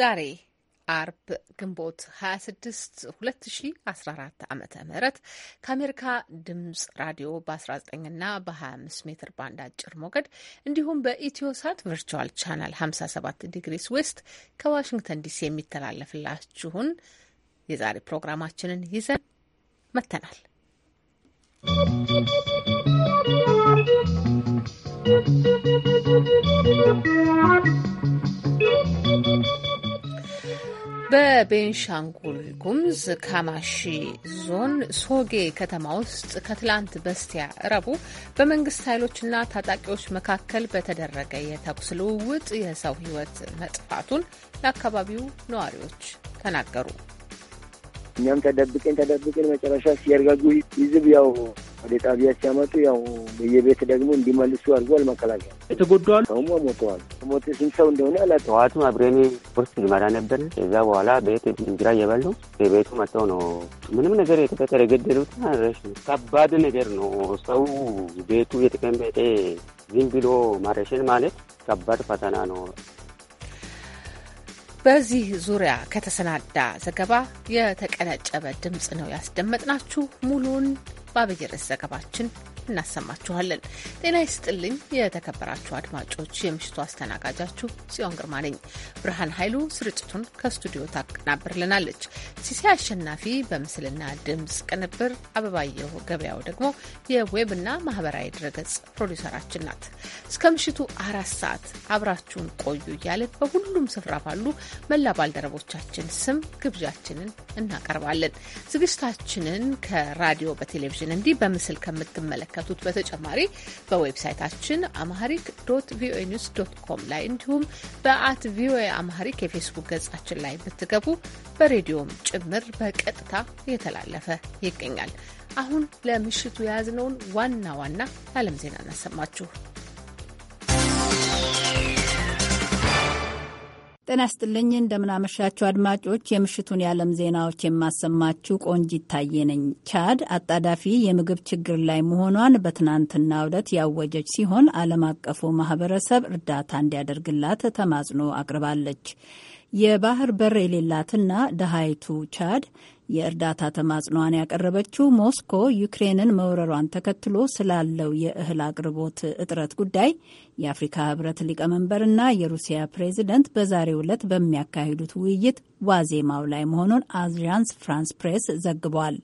ዛሬ አርብ ግንቦት 26 2014 ዓ ም ከአሜሪካ ድምጽ ራዲዮ በ19 ና በ25 ሜትር ባንድ አጭር ሞገድ እንዲሁም በኢትዮሳት ቨርቹዋል ቻናል 57 ዲግሪስ ዌስት ከዋሽንግተን ዲሲ የሚተላለፍላችሁን የዛሬ ፕሮግራማችንን ይዘን መተናል። ¶¶ በቤንሻንጉል ጉሙዝ ካማሺ ዞን ሶጌ ከተማ ውስጥ ከትላንት በስቲያ ረቡዕ በመንግስት ኃይሎችና ታጣቂዎች መካከል በተደረገ የተኩስ ልውውጥ የሰው ሕይወት መጥፋቱን ለአካባቢው ነዋሪዎች ተናገሩ። እኛም ተደብቅን ተደብቅን መጨረሻ ሲያርጋጉ ይዝብ ያው ወደ ጣቢያ ሲያመጡ ያው በየቤት ደግሞ እንዲመልሱ አድርጓል መከላከያ። የተጎዷል ሰውም ሞተዋል። ሞት ስንት ሰው እንደሆነ አላት። ጠዋቱም አብሬኔ ቁርስ ልመራ ነበር። ከዛ በኋላ ቤት እንጀራ እየበሉ ቤቱ መጥተው ነው ምንም ነገር የተፈጠረ የገደሉት ረሽ ከባድ ነገር ነው። ሰው ቤቱ የተቀመጠ ዝም ብሎ ማረሽን ማለት ከባድ ፈተና ነው። በዚህ ዙሪያ ከተሰናዳ ዘገባ የተቀነጨበ ድምፅ ነው ያስደመጥናችሁ ሙሉን በአብይ ርዕስ ዘገባችን እናሰማችኋለን። ጤና ይስጥልኝ የተከበራችሁ አድማጮች፣ የምሽቱ አስተናጋጃችሁ ጽዮን ግርማ ነኝ። ብርሃን ኃይሉ ስርጭቱን ከስቱዲዮ ታቀናብርልናለች። ሲሲ አሸናፊ በምስልና ድምፅ ቅንብር፣ አበባየሁ ገበያው ደግሞ የዌብና ማህበራዊ ድረገጽ ፕሮዲውሰራችን ናት። እስከ ምሽቱ አራት ሰዓት አብራችሁን ቆዩ እያለን በሁሉም ስፍራ ባሉ መላ ባልደረቦቻችን ስም ግብዣችንን እናቀርባለን። ዝግጅታችንን ከራዲዮ በቴሌቪዥን እንዲህ በምስል ከምትመለከ ከተመለከቱት በተጨማሪ በዌብሳይታችን አማሃሪክ ዶት ቪኦኤ ኒውስ ዶት ኮም ላይ እንዲሁም በአት ቪኦኤ አማሃሪክ የፌስቡክ ገጻችን ላይ ብትገቡ በሬዲዮም ጭምር በቀጥታ እየተላለፈ ይገኛል። አሁን ለምሽቱ የያዝነውን ዋና ዋና የዓለም ዜና እናሰማችሁ። ጤና ይስጥልኝ እንደምናመሻችሁ አድማጮች፣ የምሽቱን የዓለም ዜናዎች የማሰማችሁ ቆንጅ ታዬ ነኝ። ቻድ አጣዳፊ የምግብ ችግር ላይ መሆኗን በትናንትናው ዕለት ያወጀች ሲሆን ዓለም አቀፉ ማህበረሰብ እርዳታ እንዲያደርግላት ተማጽኖ አቅርባለች። የባህር በር የሌላትና ደሃይቱ ቻድ የእርዳታ ተማጽኗን ያቀረበችው ሞስኮ ዩክሬንን መውረሯን ተከትሎ ስላለው የእህል አቅርቦት እጥረት ጉዳይ የአፍሪካ ሊቀመንበር ሊቀመንበርና የሩሲያ ፕሬዚደንት በዛሬው ዕለት በሚያካሂዱት ውይይት ዋዜማው ላይ መሆኑን አዣንስ ፍራንስ ፕሬስ ዘግቧል።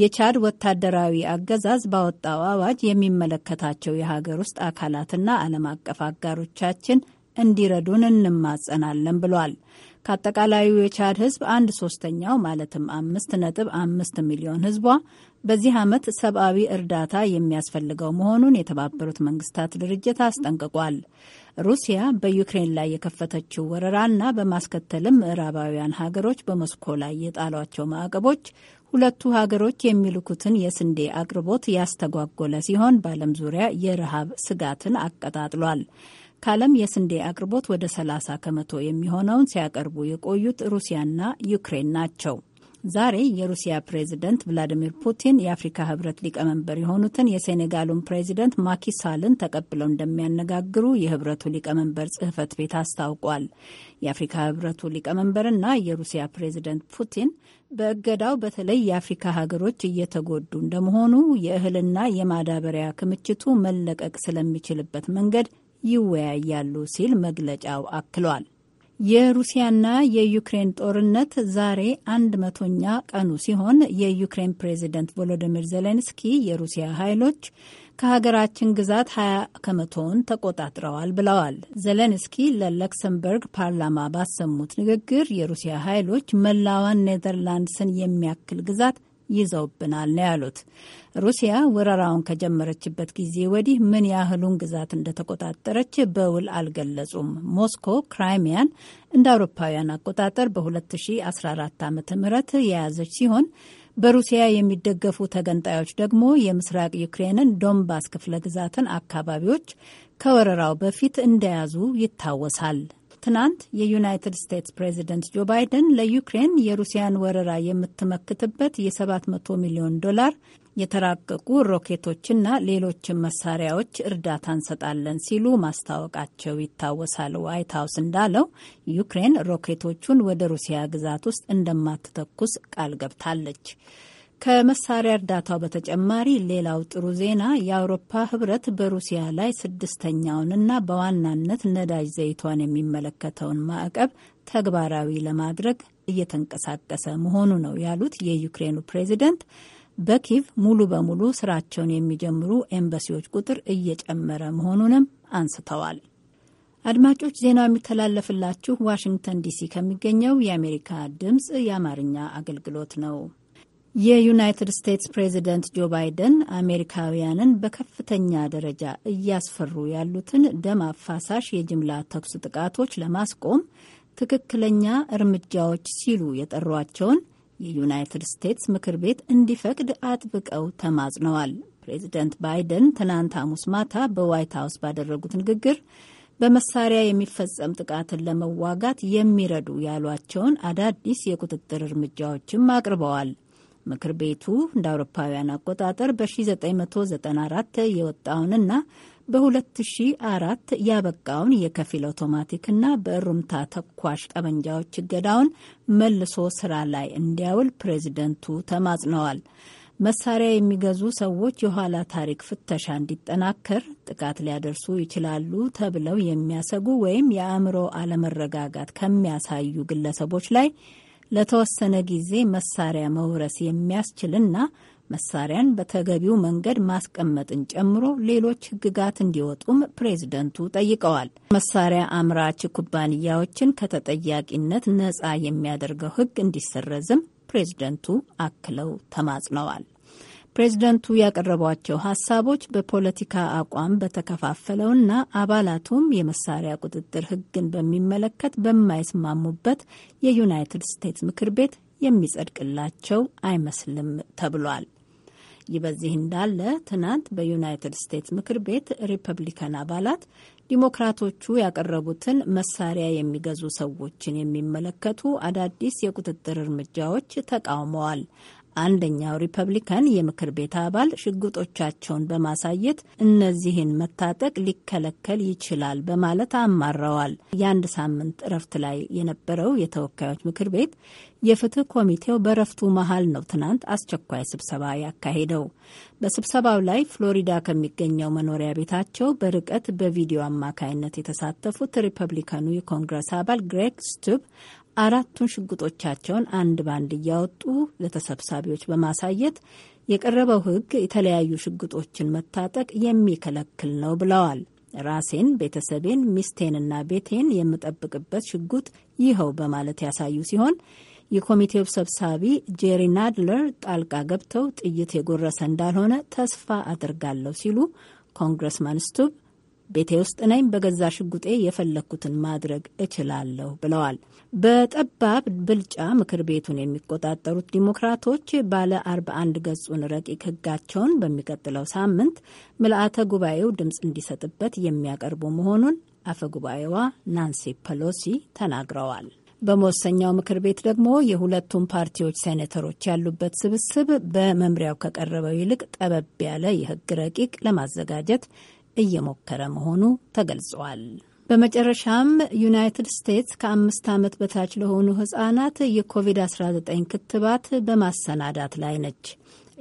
የቻድ ወታደራዊ አገዛዝ ባወጣው አዋጅ የሚመለከታቸው የሀገር ውስጥ አካላትና ዓለም አቀፍ አጋሮቻችን እንዲረዱን እንማጸናለን ብሏል። ከአጠቃላዩ የቻድ ህዝብ አንድ ሶስተኛው ማለትም አምስት ነጥብ አምስት ሚሊዮን ህዝቧ በዚህ ዓመት ሰብአዊ እርዳታ የሚያስፈልገው መሆኑን የተባበሩት መንግስታት ድርጅት አስጠንቅቋል። ሩሲያ በዩክሬን ላይ የከፈተችው ወረራና በማስከተልም ምዕራባውያን ሀገሮች በሞስኮ ላይ የጣሏቸው ማዕቀቦች ሁለቱ ሀገሮች የሚልኩትን የስንዴ አቅርቦት ያስተጓጎለ ሲሆን በዓለም ዙሪያ የረሃብ ስጋትን አቀጣጥሏል። ከዓለም የስንዴ አቅርቦት ወደ 30 ከመቶ የሚሆነውን ሲያቀርቡ የቆዩት ሩሲያና ዩክሬን ናቸው። ዛሬ የሩሲያ ፕሬዝደንት ቭላዲሚር ፑቲን የአፍሪካ ህብረት ሊቀመንበር የሆኑትን የሴኔጋሉን ፕሬዝደንት ማኪሳልን ተቀብለው እንደሚያነጋግሩ የህብረቱ ሊቀመንበር ጽህፈት ቤት አስታውቋል። የአፍሪካ ህብረቱ ሊቀመንበርና የሩሲያ ፕሬዝደንት ፑቲን በእገዳው በተለይ የአፍሪካ ሀገሮች እየተጎዱ እንደመሆኑ የእህልና የማዳበሪያ ክምችቱ መለቀቅ ስለሚችልበት መንገድ ይወያያሉ ሲል መግለጫው አክሏል። የሩሲያና የዩክሬን ጦርነት ዛሬ አንድ መቶኛ ቀኑ ሲሆን የዩክሬን ፕሬዚደንት ቮሎዲሚር ዜሌንስኪ የሩሲያ ኃይሎች ከሀገራችን ግዛት 20 ከመቶውን ተቆጣጥረዋል ብለዋል። ዜሌንስኪ ለለክሰምበርግ ፓርላማ ባሰሙት ንግግር የሩሲያ ኃይሎች መላዋን ኔዘርላንድስን የሚያክል ግዛት ይዘውብናል ነው ያሉት። ሩሲያ ወረራውን ከጀመረችበት ጊዜ ወዲህ ምን ያህሉን ግዛት እንደተቆጣጠረች በውል አልገለጹም። ሞስኮ ክራይሚያን እንደ አውሮፓውያን አቆጣጠር በ2014 ዓ ም የያዘች ሲሆን በሩሲያ የሚደገፉ ተገንጣዮች ደግሞ የምስራቅ ዩክሬንን ዶንባስ ክፍለ ግዛትን አካባቢዎች ከወረራው በፊት እንደያዙ ይታወሳል። ትናንት የዩናይትድ ስቴትስ ፕሬዚደንት ጆ ባይደን ለዩክሬን የሩሲያን ወረራ የምትመክትበት የ700 ሚሊዮን ዶላር የተራቀቁ ሮኬቶችና ሌሎችን መሳሪያዎች እርዳታ እንሰጣለን ሲሉ ማስታወቃቸው ይታወሳል። ዋይት ሀውስ እንዳለው ዩክሬን ሮኬቶቹን ወደ ሩሲያ ግዛት ውስጥ እንደማትተኩስ ቃል ገብታለች። ከመሳሪያ እርዳታው በተጨማሪ ሌላው ጥሩ ዜና የአውሮፓ ህብረት በሩሲያ ላይ ስድስተኛውንና በዋናነት ነዳጅ ዘይቷን የሚመለከተውን ማዕቀብ ተግባራዊ ለማድረግ እየተንቀሳቀሰ መሆኑ ነው ያሉት የዩክሬኑ ፕሬዚደንት በኪቭ ሙሉ በሙሉ ስራቸውን የሚጀምሩ ኤምባሲዎች ቁጥር እየጨመረ መሆኑንም አንስተዋል። አድማጮች፣ ዜናው የሚተላለፍላችሁ ዋሽንግተን ዲሲ ከሚገኘው የአሜሪካ ድምፅ የአማርኛ አገልግሎት ነው። የዩናይትድ ስቴትስ ፕሬዚደንት ጆ ባይደን አሜሪካውያንን በከፍተኛ ደረጃ እያስፈሩ ያሉትን ደም አፋሳሽ የጅምላ ተኩስ ጥቃቶች ለማስቆም ትክክለኛ እርምጃዎች ሲሉ የጠሯቸውን የዩናይትድ ስቴትስ ምክር ቤት እንዲፈቅድ አጥብቀው ተማጽነዋል። ፕሬዚደንት ባይደን ትናንት ሐሙስ ማታ በዋይት ሀውስ ባደረጉት ንግግር በመሳሪያ የሚፈጸም ጥቃትን ለመዋጋት የሚረዱ ያሏቸውን አዳዲስ የቁጥጥር እርምጃዎችም አቅርበዋል። ምክር ቤቱ እንደ አውሮፓውያን አቆጣጠር በ1994 የወጣውንና በ2004 ያበቃውን የከፊል አውቶማቲክና በእሩምታ ተኳሽ ጠመንጃዎች እገዳውን መልሶ ስራ ላይ እንዲያውል ፕሬዚደንቱ ተማጽነዋል። መሳሪያ የሚገዙ ሰዎች የኋላ ታሪክ ፍተሻ እንዲጠናከር፣ ጥቃት ሊያደርሱ ይችላሉ ተብለው የሚያሰጉ ወይም የአእምሮ አለመረጋጋት ከሚያሳዩ ግለሰቦች ላይ ለተወሰነ ጊዜ መሳሪያ መውረስ የሚያስችልና መሳሪያን በተገቢው መንገድ ማስቀመጥን ጨምሮ ሌሎች ሕግጋት እንዲወጡም ፕሬዝደንቱ ጠይቀዋል። መሳሪያ አምራች ኩባንያዎችን ከተጠያቂነት ነጻ የሚያደርገው ሕግ እንዲሰረዝም ፕሬዝደንቱ አክለው ተማጽነዋል። ፕሬዝደንቱ ያቀረቧቸው ሀሳቦች በፖለቲካ አቋም በተከፋፈለውና አባላቱም የመሳሪያ ቁጥጥር ሕግን በሚመለከት በማይስማሙበት የዩናይትድ ስቴትስ ምክር ቤት የሚጸድቅላቸው አይመስልም ተብሏል። ይህ በዚህ እንዳለ ትናንት በዩናይትድ ስቴትስ ምክር ቤት ሪፐብሊካን አባላት ዲሞክራቶቹ ያቀረቡትን መሳሪያ የሚገዙ ሰዎችን የሚመለከቱ አዳዲስ የቁጥጥር እርምጃዎች ተቃውመዋል። አንደኛው ሪፐብሊካን የምክር ቤት አባል ሽጉጦቻቸውን በማሳየት እነዚህን መታጠቅ ሊከለከል ይችላል በማለት አማረዋል። የአንድ ሳምንት እረፍት ላይ የነበረው የተወካዮች ምክር ቤት የፍትህ ኮሚቴው በረፍቱ መሀል ነው ትናንት አስቸኳይ ስብሰባ ያካሄደው። በስብሰባው ላይ ፍሎሪዳ ከሚገኘው መኖሪያ ቤታቸው በርቀት በቪዲዮ አማካይነት የተሳተፉት ሪፐብሊካኑ የኮንግረስ አባል ግሬግ ስቱብ አራቱን ሽጉጦቻቸውን አንድ ባንድ እያወጡ ለተሰብሳቢዎች በማሳየት የቀረበው ሕግ የተለያዩ ሽጉጦችን መታጠቅ የሚከለክል ነው ብለዋል። ራሴን፣ ቤተሰቤን፣ ሚስቴንና ቤቴን የምጠብቅበት ሽጉጥ ይኸው በማለት ያሳዩ ሲሆን የኮሚቴው ሰብሳቢ ጄሪ ናድለር ጣልቃ ገብተው ጥይት የጎረሰ እንዳልሆነ ተስፋ አድርጋለሁ ሲሉ ኮንግረስማን ስቱብ ቤቴ ውስጥ ነኝ፣ በገዛ ሽጉጤ የፈለግኩትን ማድረግ እችላለሁ ብለዋል። በጠባብ ብልጫ ምክር ቤቱን የሚቆጣጠሩት ዲሞክራቶች ባለ 41 ገጹን ረቂቅ ሕጋቸውን በሚቀጥለው ሳምንት ምልአተ ጉባኤው ድምፅ እንዲሰጥበት የሚያቀርቡ መሆኑን አፈ ጉባኤዋ ናንሲ ፐሎሲ ተናግረዋል። በመወሰኛው ምክር ቤት ደግሞ የሁለቱም ፓርቲዎች ሴኔተሮች ያሉበት ስብስብ በመምሪያው ከቀረበው ይልቅ ጠበብ ያለ የህግ ረቂቅ ለማዘጋጀት እየሞከረ መሆኑ ተገልጿል። በመጨረሻም ዩናይትድ ስቴትስ ከአምስት ዓመት በታች ለሆኑ ሕፃናት የኮቪድ-19 ክትባት በማሰናዳት ላይ ነች።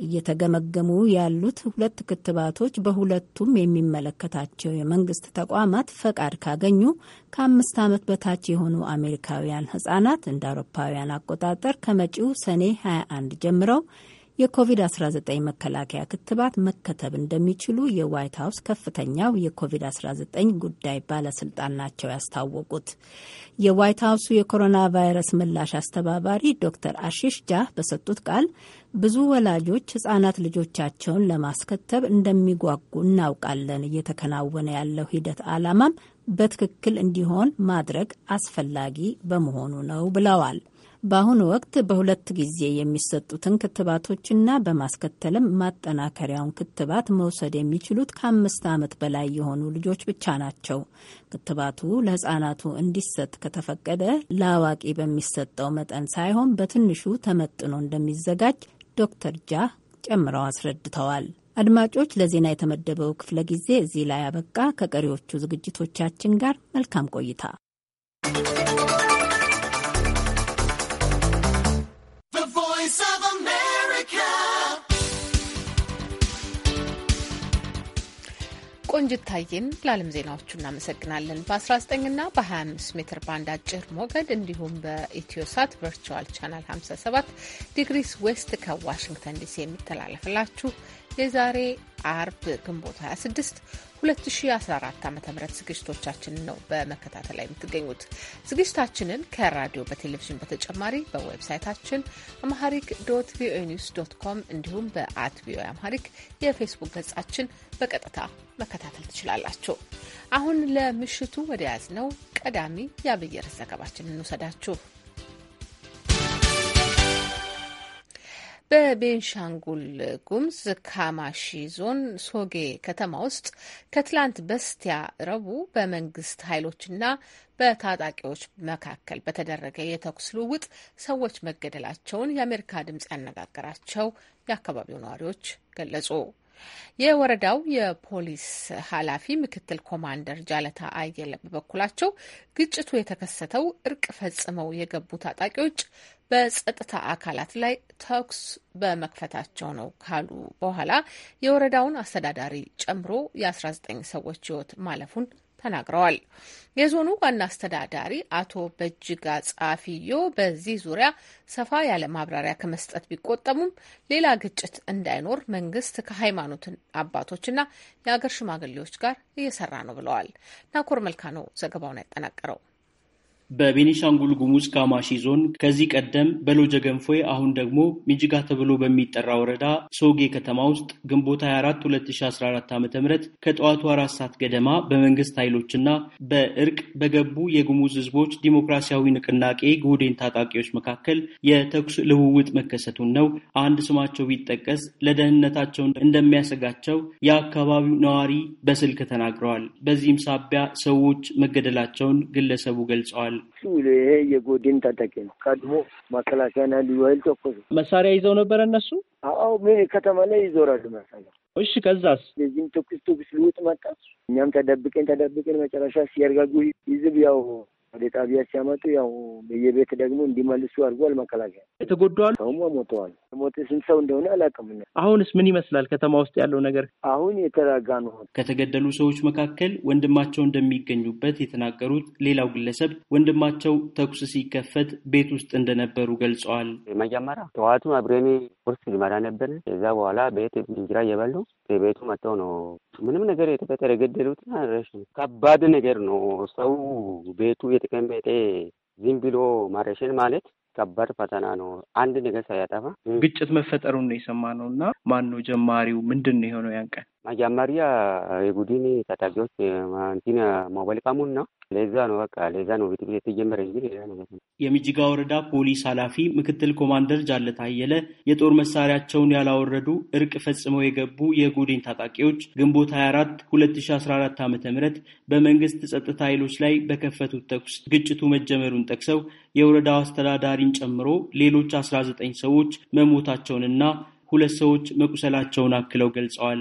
እየተገመገሙ ያሉት ሁለት ክትባቶች በሁለቱም የሚመለከታቸው የመንግስት ተቋማት ፈቃድ ካገኙ ከአምስት ዓመት በታች የሆኑ አሜሪካውያን ሕፃናት እንደ አውሮፓውያን አቆጣጠር ከመጪው ሰኔ 21 ጀምረው የኮቪድ-19 መከላከያ ክትባት መከተብ እንደሚችሉ የዋይት ሀውስ ከፍተኛው የኮቪድ-19 ጉዳይ ባለስልጣን ናቸው ያስታወቁት። የዋይት ሀውሱ የኮሮና ቫይረስ ምላሽ አስተባባሪ ዶክተር አሺሽ ጃህ በሰጡት ቃል ብዙ ወላጆች ህጻናት ልጆቻቸውን ለማስከተብ እንደሚጓጉ እናውቃለን። እየተከናወነ ያለው ሂደት አላማም በትክክል እንዲሆን ማድረግ አስፈላጊ በመሆኑ ነው ብለዋል። በአሁኑ ወቅት በሁለት ጊዜ የሚሰጡትን ክትባቶችና በማስከተልም ማጠናከሪያውን ክትባት መውሰድ የሚችሉት ከአምስት ዓመት በላይ የሆኑ ልጆች ብቻ ናቸው። ክትባቱ ለሕፃናቱ እንዲሰጥ ከተፈቀደ ለአዋቂ በሚሰጠው መጠን ሳይሆን በትንሹ ተመጥኖ እንደሚዘጋጅ ዶክተር ጃ ጨምረው አስረድተዋል። አድማጮች፣ ለዜና የተመደበው ክፍለ ጊዜ እዚህ ላይ አበቃ። ከቀሪዎቹ ዝግጅቶቻችን ጋር መልካም ቆይታ ቆንጅት ታዬን ለዓለም ዜናዎቹ እናመሰግናለን። 19 እና በ25 ሜትር ባንድ አጭር ሞገድ እንዲሁም በኢትዮሳት ቨርቹዋል ቻናል 57 ዲግሪስ ዌስት ከዋሽንግተን ዲሲ የሚተላለፍላችሁ የዛሬ አርብ ግንቦት 26 2014 ዓ ም ዝግጅቶቻችንን ነው በመከታተል ላይ የምትገኙት። ዝግጅታችንን ከራዲዮ በቴሌቪዥን በተጨማሪ በዌብሳይታችን አምሃሪክ ዶት ቪኦኤ ኒውስ ዶት ኮም እንዲሁም በአት ቪኦኤ አማሪክ የፌስቡክ ገጻችን በቀጥታ መከታተል ትችላላችሁ። አሁን ለምሽቱ ወደ ያዝ ነው ቀዳሚ የአብየርስ ዘገባችን እንውሰዳችሁ። በቤንሻንጉል ጉሙዝ ካማሺ ዞን ሶጌ ከተማ ውስጥ ከትላንት በስቲያ ረቡዕ በመንግስት ኃይሎችና በታጣቂዎች መካከል በተደረገ የተኩስ ልውውጥ ሰዎች መገደላቸውን የአሜሪካ ድምጽ ያነጋገራቸው የአካባቢው ነዋሪዎች ገለጹ። የወረዳው የፖሊስ ኃላፊ ምክትል ኮማንደር ጃለታ አየለ በበኩላቸው ግጭቱ የተከሰተው እርቅ ፈጽመው የገቡ ታጣቂዎች በጸጥታ አካላት ላይ ተኩስ በመክፈታቸው ነው ካሉ በኋላ የወረዳውን አስተዳዳሪ ጨምሮ የ19 ሰዎች ሕይወት ማለፉን ተናግረዋል። የዞኑ ዋና አስተዳዳሪ አቶ በጅጋ ጻፊዮ በዚህ ዙሪያ ሰፋ ያለ ማብራሪያ ከመስጠት ቢቆጠሙም ሌላ ግጭት እንዳይኖር መንግስት ከሃይማኖት አባቶችና የአገር ሽማግሌዎች ጋር እየሰራ ነው ብለዋል። ናኮር መልካ ነው ዘገባውን ያጠናቀረው። በቤኒሻንጉል ጉሙዝ ካማሺ ዞን ከዚህ ቀደም በሎጀ ገንፎይ አሁን ደግሞ ሚጅጋ ተብሎ በሚጠራ ወረዳ ሶጌ ከተማ ውስጥ ግንቦት 24 2014 ዓ ም ከጠዋቱ አራት ሰዓት ገደማ በመንግስት ኃይሎችና በእርቅ በገቡ የጉሙዝ ህዝቦች ዲሞክራሲያዊ ንቅናቄ ጉዴን ታጣቂዎች መካከል የተኩስ ልውውጥ መከሰቱን ነው አንድ ስማቸው ቢጠቀስ ለደህንነታቸው እንደሚያሰጋቸው የአካባቢው ነዋሪ በስልክ ተናግረዋል። በዚህም ሳቢያ ሰዎች መገደላቸውን ግለሰቡ ገልጸዋል። ይዘዋል። ይሄ የጎድን ታጠቂ ነው። ቀድሞ መከላከያና ልዩ ኃይል ተኮሱ። መሳሪያ ይዘው ነበር እነሱ። አዎ ምን ከተማ ላይ ይዞራሉ መሳሪያ። እሺ ከዛስ የዚህም ትኩስ ትኩስ ልውጥ መጣ። እኛም ተደብቀን ተደብቀን መጨረሻ ሲያርጋጉ ይዝብ ያው ወደ ጣቢያ ሲያመጡ ያው በየቤት ደግሞ እንዲመልሱ አድርጓል መከላከያ። የተጎዳዋል ሰውም ሞተዋል። ሞት ስንት ሰው እንደሆነ አላውቅም። አሁንስ ምን ይመስላል ከተማ ውስጥ ያለው ነገር? አሁን የተረጋ ነው። ከተገደሉ ሰዎች መካከል ወንድማቸው እንደሚገኙበት የተናገሩት ሌላው ግለሰብ ወንድማቸው ተኩስ ሲከፈት ቤት ውስጥ እንደነበሩ ገልጸዋል። መጀመሪያ ጠዋቱን አብሬኔ ቁርስ ልመራ ነበር። ከዛ በኋላ ቤት እንጀራ እየበሉ ከቤቱ መጥተው ነው ምንም ነገር የተፈጠረ የገደሉትና ከባድ ነገር ነው። ሰው ቤቱ የተቀመጠ ዝም ብሎ ማረሽን ማለት ከባድ ፈተና ነው። አንድ ነገር ሳያጠፋ ግጭት መፈጠሩን ነው የሰማነው እና ማን ነው ጀማሪው? ምንድን ነው የሆነው ያን ቀን? መጀመሪያ የቡድን ታጣቂዎች እንትን ሞባይል ነው። ለዛ ነው በቃ ለዛ ነው ቤት ቤት እንጂ ሌላ ነገር ነው። ወረዳ ፖሊስ ኃላፊ ምክትል ኮማንደር ጃለታ አየለ የጦር መሳሪያቸውን ያላወረዱ እርቅ ፈጽመው የገቡ የጉዴን ታጣቂዎች ግንቦት 24 2014 ዓ ም በመንግስት ጸጥታ ኃይሎች ላይ በከፈቱት ተኩስ ግጭቱ መጀመሩን ጠቅሰው የወረዳው አስተዳዳሪን ጨምሮ ሌሎች 19 ሰዎች መሞታቸውንና ሁለት ሰዎች መቁሰላቸውን አክለው ገልጸዋል።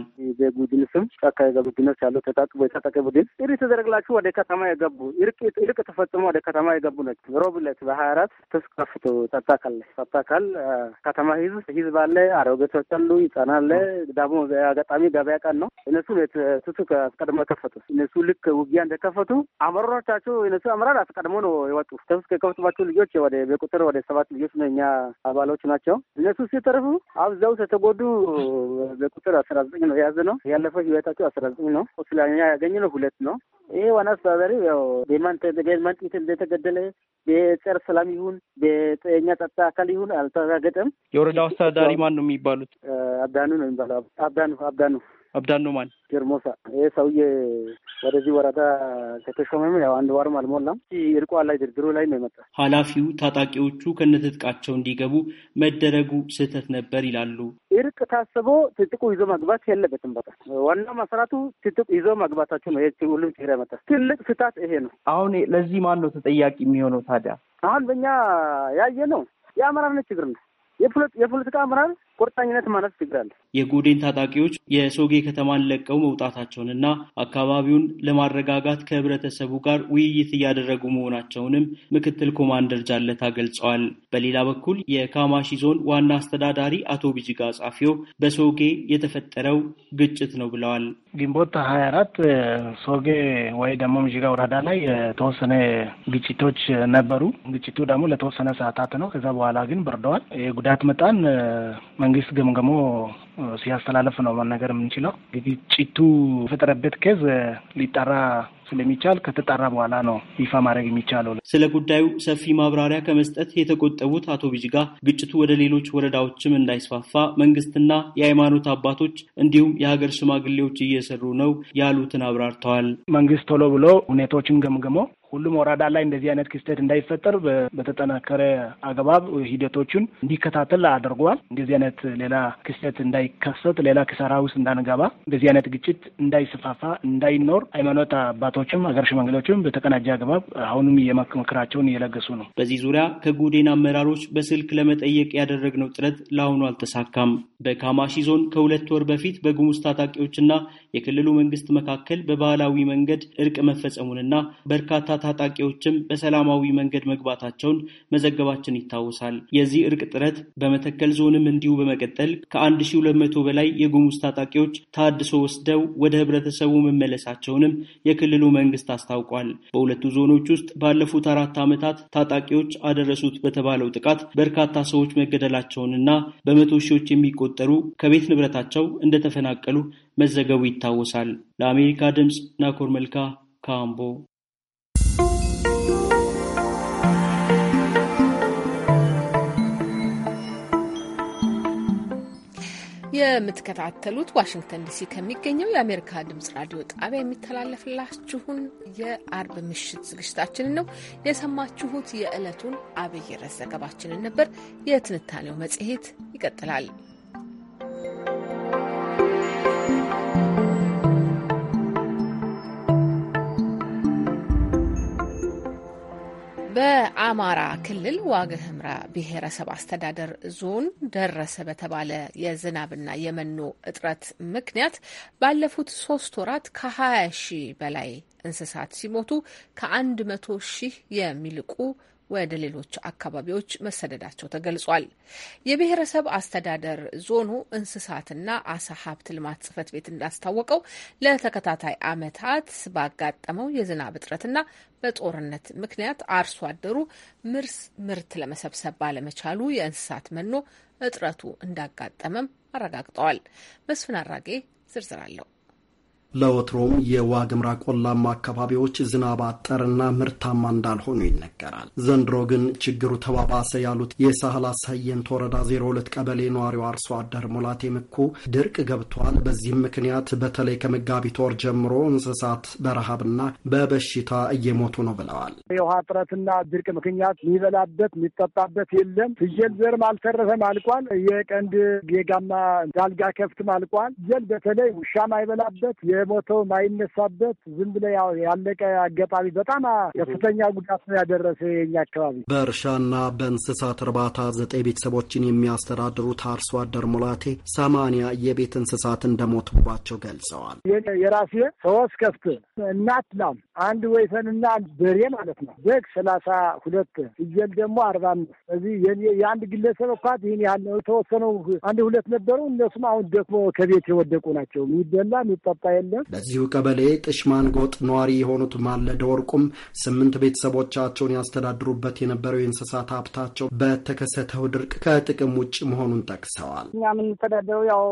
ቡድን ስም ጫካ የገቡ ቡድኖች ያሉ ተጣጥቦ የታጠቀ ቡድን እሪ ተደረግላችሁ ወደ ከተማ የገቡ እርቅ ተፈጽሞ ወደ ከተማ የገቡ ነች። ሮብለት ዕለት በሀያ አራት ተኩስ ከፍቶ ታታካል ከተማ ህዝብ ህዝብ አለ። አሮጌቶች አሉ፣ ይጸናለ ደግሞ አጋጣሚ ገበያ ቀን ነው። እነሱ ትቱ አስቀድሞ ከፈቱ እነሱ ልክ ውጊያ እንደከፈቱ አመራሮቻቸው እነሱ አመራር አስቀድሞ ነው የወጡ። ተስ ከከፈቱባቸው ልጆች ወደ በቁጥር ወደ ሰባት ልጆች ነው እኛ አባሎች ናቸው። እነሱ ሲተርፉ አብዛው ከተጎዱ በቁጥር አስራ ዘጠኝ ነው የያዘ ነው ያለፈው ህይወታቸው አስራ ዘጠኝ ነው። ቁስለኛ ያገኘ ነው ሁለት ነው። ይህ ዋና አስተዳዳሪ ያው ቤማንጤት እንደተገደለ በጸረ ሰላም ይሁን በጠኛ ጸጥታ አካል ይሁን አልተረጋገጠም። የወረዳው አስተዳዳሪ ማን ነው የሚባሉት? አብዳኑ ነው የሚባለው። አብዳኑ አብዳኑ ማን ጀርሞሳ ይህ ሰውዬ ወደዚህ ወረዳ ከተሾመም ያው አንድ ዋርም አልሞላም። እርቋ ላይ ድርድሩ ላይ ነው የመጣ ኃላፊው ታጣቂዎቹ ከነትጥቃቸው እንዲገቡ መደረጉ ስህተት ነበር ይላሉ። እርቅ ታስቦ ትጥቁ ይዞ መግባት የለበትም። በቃ ዋና መሰራቱ ትጥቁ ይዞ መግባታቸው ነው። ሁሉም ችግር መጣ ትልቅ ስህተት ይሄ ነው። አሁን ለዚህ ማን ነው ተጠያቂ የሚሆነው ታዲያ? አሁን በእኛ ያየ ነው የአመራርነት ችግር ነው። የፖለቲካ አመራር ቁርጠኝነት ማለት ትግራል የጉዴን ታጣቂዎች የሶጌ ከተማን ለቀው መውጣታቸውንና አካባቢውን ለማረጋጋት ከህብረተሰቡ ጋር ውይይት እያደረጉ መሆናቸውንም ምክትል ኮማንደር ጃለታ ገልጸዋል። በሌላ በኩል የካማሺ ዞን ዋና አስተዳዳሪ አቶ ቢጅጋ ጻፊዮ በሶጌ የተፈጠረው ግጭት ነው ብለዋል። ግንቦት ሀያ አራት ሶጌ ወይ ደግሞ ምዥጋ ወረዳ ላይ የተወሰነ ግጭቶች ነበሩ። ግጭቱ ደግሞ ለተወሰነ ሰዓታት ነው። ከዛ በኋላ ግን በርደዋል። የጉዳት መጣን መንግስት ገምገሞ ሲያስተላለፍ ነው መነገር የምንችለው። እንግዲህ ጭቱ የፈጠረበት ኬዝ ሊጠራ ስለሚቻል ከተጠራ በኋላ ነው ይፋ ማድረግ የሚቻለው። ስለ ጉዳዩ ሰፊ ማብራሪያ ከመስጠት የተቆጠቡት አቶ ቢጅጋ ግጭቱ ወደ ሌሎች ወረዳዎችም እንዳይስፋፋ መንግስትና የሃይማኖት አባቶች እንዲሁም የሀገር ሽማግሌዎች እየሰሩ ነው ያሉትን አብራርተዋል። መንግስት ቶሎ ብሎ ሁኔታዎችን ገምግሞ ሁሉም ወረዳ ላይ እንደዚህ አይነት ክስተት እንዳይፈጠር በተጠናከረ አግባብ ሂደቶችን እንዲከታተል አድርጓል። እንደዚህ አይነት ሌላ ክስተት እንዳይከሰት፣ ሌላ ክሰራ ውስጥ እንዳንገባ፣ እንደዚህ አይነት ግጭት እንዳይስፋፋ፣ እንዳይኖር ሃይማኖት አባቶችም ሀገር ሽማግሌዎችም በተቀናጀ አግባብ አሁንም የምክራቸውን እየለገሱ ነው። በዚህ ዙሪያ ከጎዴን አመራሮች በስልክ ለመጠየቅ ያደረግነው ጥረት ለአሁኑ አልተሳካም። በካማሺ ዞን ከሁለት ወር በፊት በጉሙዝ ታጣቂዎችና የክልሉ መንግስት መካከል በባህላዊ መንገድ እርቅ መፈጸሙንና በርካታ ታጣቂዎችም በሰላማዊ መንገድ መግባታቸውን መዘገባችን ይታወሳል። የዚህ እርቅ ጥረት በመተከል ዞንም እንዲሁ በመቀጠል ከ1200 በላይ የጉሙዝ ታጣቂዎች ታድሶ ወስደው ወደ ህብረተሰቡ መመለሳቸውንም የክልሉ መንግስት አስታውቋል። በሁለቱ ዞኖች ውስጥ ባለፉት አራት ዓመታት ታጣቂዎች አደረሱት በተባለው ጥቃት በርካታ ሰዎች መገደላቸውንና በመቶ ሺዎች የሚቆጠሩ ከቤት ንብረታቸው እንደተፈናቀሉ መዘገቡ ይታወሳል። ለአሜሪካ ድምፅ ናኮር መልካ ካምቦ የምትከታተሉት ዋሽንግተን ዲሲ ከሚገኘው የአሜሪካ ድምጽ ራዲዮ ጣቢያ የሚተላለፍላችሁን የአርብ ምሽት ዝግጅታችንን ነው የሰማችሁት። የዕለቱን አብይ ርዕስ ዘገባችንን ነበር። የትንታኔው መጽሔት ይቀጥላል። በአማራ ክልል ዋግ ህምራ ብሔረሰብ አስተዳደር ዞን ደረሰ በተባለ የዝናብና የመኖ እጥረት ምክንያት ባለፉት ሶስት ወራት ከ20 ሺህ በላይ እንስሳት ሲሞቱ ከ100 ሺህ የሚልቁ ወደ ሌሎች አካባቢዎች መሰደዳቸው ተገልጿል። የብሔረሰብ አስተዳደር ዞኑ እንስሳትና አሳ ሀብት ልማት ጽህፈት ቤት እንዳስታወቀው ለተከታታይ ዓመታት ባጋጠመው የዝናብ እጥረትና በጦርነት ምክንያት አርሶ አደሩ ምርስ ምርት ለመሰብሰብ ባለመቻሉ የእንስሳት መኖ እጥረቱ እንዳጋጠመም አረጋግጠዋል። መስፍን አራጌ ዝርዝር አለው። ለወትሮም የዋግምራ ቆላማ አካባቢዎች ዝናብ አጠርና ምርታማ እንዳልሆኑ ይነገራል። ዘንድሮ ግን ችግሩ ተባባሰ ያሉት የሳህል አሳየንት ወረዳ 02 ቀበሌ ነዋሪው አርሶ አደር ሙላቴ ምኩ ድርቅ ገብቷል። በዚህም ምክንያት በተለይ ከመጋቢት ወር ጀምሮ እንስሳት በረሃብና በበሽታ እየሞቱ ነው ብለዋል። የውሃ እጥረትና ድርቅ ምክንያት የሚበላበት የሚጠጣበት የለም። ፍየል ዘርም አልተረፈም፣ አልቋል። የቀንድ የጋማ ዳልጋ ከፍትም አልቋል። ፍየል በተለይ ውሻም አይበላበት የሞተው ማይነሳበት ዝም ብለ ያው ያለቀ አጋጣሚ በጣም ከፍተኛ ጉዳት ነው ያደረሰ የኛ አካባቢ። በእርሻና በእንስሳት እርባታ ዘጠኝ ቤተሰቦችን የሚያስተዳድሩት አርሶ አደር ሙላቴ ሰማንያ የቤት እንስሳት እንደሞቱባቸው ገልጸዋል። የራሴ ሶስት ከፍት፣ እናት ላም፣ አንድ ወይፈንና በሬ ማለት ነው። በግ ሰላሳ ሁለት ፍየል ደግሞ አርባ አምስት እዚህ የአንድ ግለሰብ እኳት ይህን ያህል የተወሰነው አንድ ሁለት ነበሩ። እነሱም አሁን ደክሞ ከቤት የወደቁ ናቸው። የሚበላ የሚጠጣ የለ በዚሁ ቀበሌ ጥሽማን ጎጥ ነዋሪ የሆኑት ማለደ ወርቁም ስምንት ቤተሰቦቻቸውን ያስተዳድሩበት የነበረው የእንስሳት ሀብታቸው በተከሰተው ድርቅ ከጥቅም ውጭ መሆኑን ጠቅሰዋል። እኛ የምንተዳደረው ያው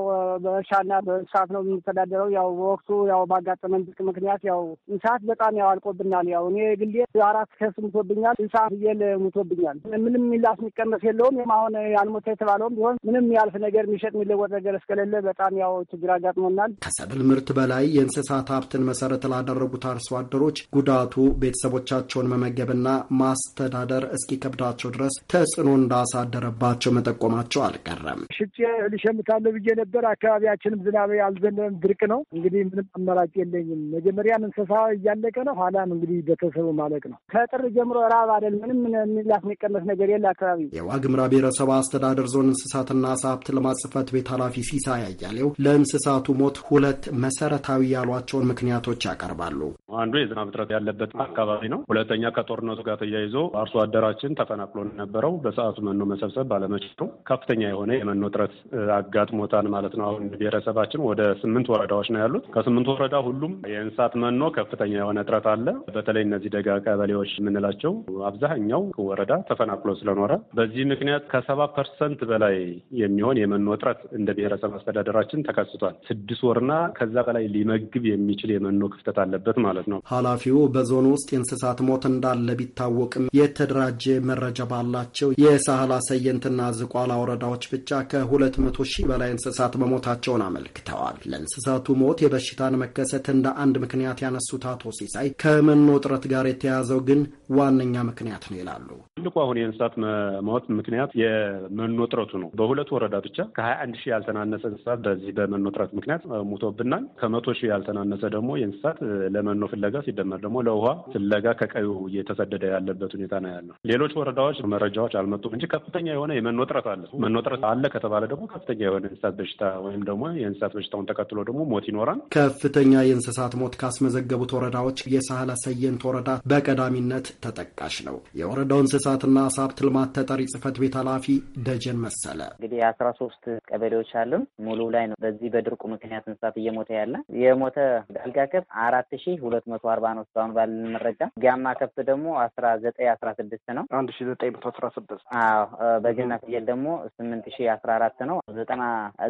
በእርሻና በእንስሳት ነው የምንተዳደረው። ያው በወቅቱ ያው ባጋጠመን ድርቅ ምክንያት ያው እንስሳት በጣም ያው አልቆብናል። ያው እኔ ግሌ አራት ከስ ሙቶብኛል፣ እንስሳ ፍየል ሙቶብኛል። ምንም የሚላስ የሚቀመስ የለውም። አሁን ያልሞተ የተባለውም ቢሆን ምንም ያልፍ ነገር የሚሸጥ የሚለወጥ ነገር እስከሌለ በጣም ያው ችግር አጋጥሞናል። ከሰብል ምርት በላይ የእንስሳት ሀብትን መሰረት ላደረጉት አርሶ አደሮች ጉዳቱ ቤተሰቦቻቸውን መመገብና ማስተዳደር እስኪከብዳቸው ድረስ ተጽዕኖ እንዳሳደረባቸው መጠቆማቸው አልቀረም። ሽጬ ልሸምታለሁ ብዬ ነበር። አካባቢያችንም ዝናብ ያልዘነበም ድርቅ ነው። እንግዲህ ምንም አመራጭ የለኝም። መጀመሪያም እንስሳ እያለቀ ነው። ኋላም እንግዲህ ቤተሰቡ ማለቅ ነው። ከጥር ጀምሮ ራብ አይደል ምንም የሚላስ የሚቀመስ ነገር የለ አካባቢ የዋግምራ ብሔረሰብ አስተዳደር ዞን እንስሳትና ዓሳ ሀብት ልማት ጽሕፈት ቤት ኃላፊ ሲሳይ አያሌው ለእንስሳቱ ሞት ሁለት መሰረታዊ መሰረታዊ ያሏቸውን ምክንያቶች ያቀርባሉ። አንዱ የዝናብ እጥረት ያለበት አካባቢ ነው። ሁለተኛ ከጦርነቱ ጋር ተያይዞ አርሶ አደራችን ተፈናቅሎ ነበረው። በሰዓቱ መኖ መሰብሰብ ባለመቻሉ ከፍተኛ የሆነ የመኖ እጥረት አጋጥሞታል ማለት ነው። አሁን ብሔረሰባችን ወደ ስምንት ወረዳዎች ነው ያሉት። ከስምንት ወረዳ ሁሉም የእንስሳት መኖ ከፍተኛ የሆነ እጥረት አለ። በተለይ እነዚህ ደጋ ቀበሌዎች የምንላቸው አብዛኛው ወረዳ ተፈናቅሎ ስለኖረ በዚህ ምክንያት ከሰባ ፐርሰንት በላይ የሚሆን የመኖ እጥረት እንደ ብሔረሰብ አስተዳደራችን ተከስቷል። ስድስት ወርና ከዛ በላይ ሊመግብ የሚችል የመኖ ክፍተት አለበት ማለት ነው። ኃላፊው በዞኑ ውስጥ የእንስሳት ሞት እንዳለ ቢታወቅም የተደራጀ መረጃ ባላቸው የሳህላ ሰየንትና ዝቋላ ወረዳዎች ብቻ ከሁለት መቶ ሺህ በላይ እንስሳት መሞታቸውን አመልክተዋል። ለእንስሳቱ ሞት የበሽታን መከሰት እንደ አንድ ምክንያት ያነሱት አቶ ሲሳይ ከመኖ እጥረት ጋር የተያዘው ግን ዋነኛ ምክንያት ነው ይላሉ። ትልቁ አሁን የእንስሳት መሞት ምክንያት የመኖ እጥረቱ ነው። በሁለቱ ወረዳ ብቻ ከሀያ አንድ ሺህ ያልተናነሰ እንስሳት በዚህ በመኖ እጥረት ምክንያት ሙቶብናል። ከመቶ ሺህ ያልተናነሰ ደግሞ የእንስሳት ለመኖ ፍለጋ ሲደመር ደግሞ ለውሃ ፍለጋ ከቀዩ እየተሰደደ ያለበት ሁኔታ ነው ያለው። ሌሎች ወረዳዎች መረጃዎች አልመጡም እንጂ ከፍተኛ የሆነ የመኖ ጥረት አለ። መኖ ጥረት አለ ከተባለ ደግሞ ከፍተኛ የሆነ የእንስሳት በሽታ ወይም ደግሞ የእንስሳት በሽታውን ተከትሎ ደግሞ ሞት ይኖራል። ከፍተኛ የእንስሳት ሞት ካስመዘገቡት ወረዳዎች የሳህላ ሰየንት ወረዳ በቀዳሚነት ተጠቃሽ ነው። የወረዳው እንስሳትና አሳ ሀብት ልማት ተጠሪ ጽህፈት ቤት ኃላፊ ደጀን መሰለ እንግዲህ የአስራ ሶስት ቀበሌዎች አሉን ሙሉ ላይ ነው። በዚህ በድርቁ ምክንያት እንስሳት እየሞተ ያለ የሞተ ዳልጋ ከብት አራት ሺ ሁለት መቶ አርባ ነው እስካሁን ባለን መረጃ። ጋማ ከብት ደግሞ አስራ ዘጠኝ አስራ ስድስት ነው። አንድ ሺ ዘጠኝ መቶ አስራ ስድስት አዎ። በግና ፍየል ደግሞ ስምንት ሺ አስራ አራት ነው። ዘጠና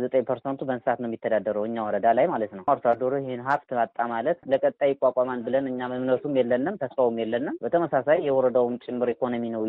ዘጠኝ ፐርሰንቱ በእንስሳት ነው የሚተዳደረው እኛ ወረዳ ላይ ማለት ነው። አርሶ አደሩ ይህን ሀብት አጣ ማለት ለቀጣይ ይቋቋማል ብለን እኛ እምነቱም የለንም ተስፋውም የለንም። በተመሳሳይ የወረዳውም ጭምር ኢኮኖሚ ነው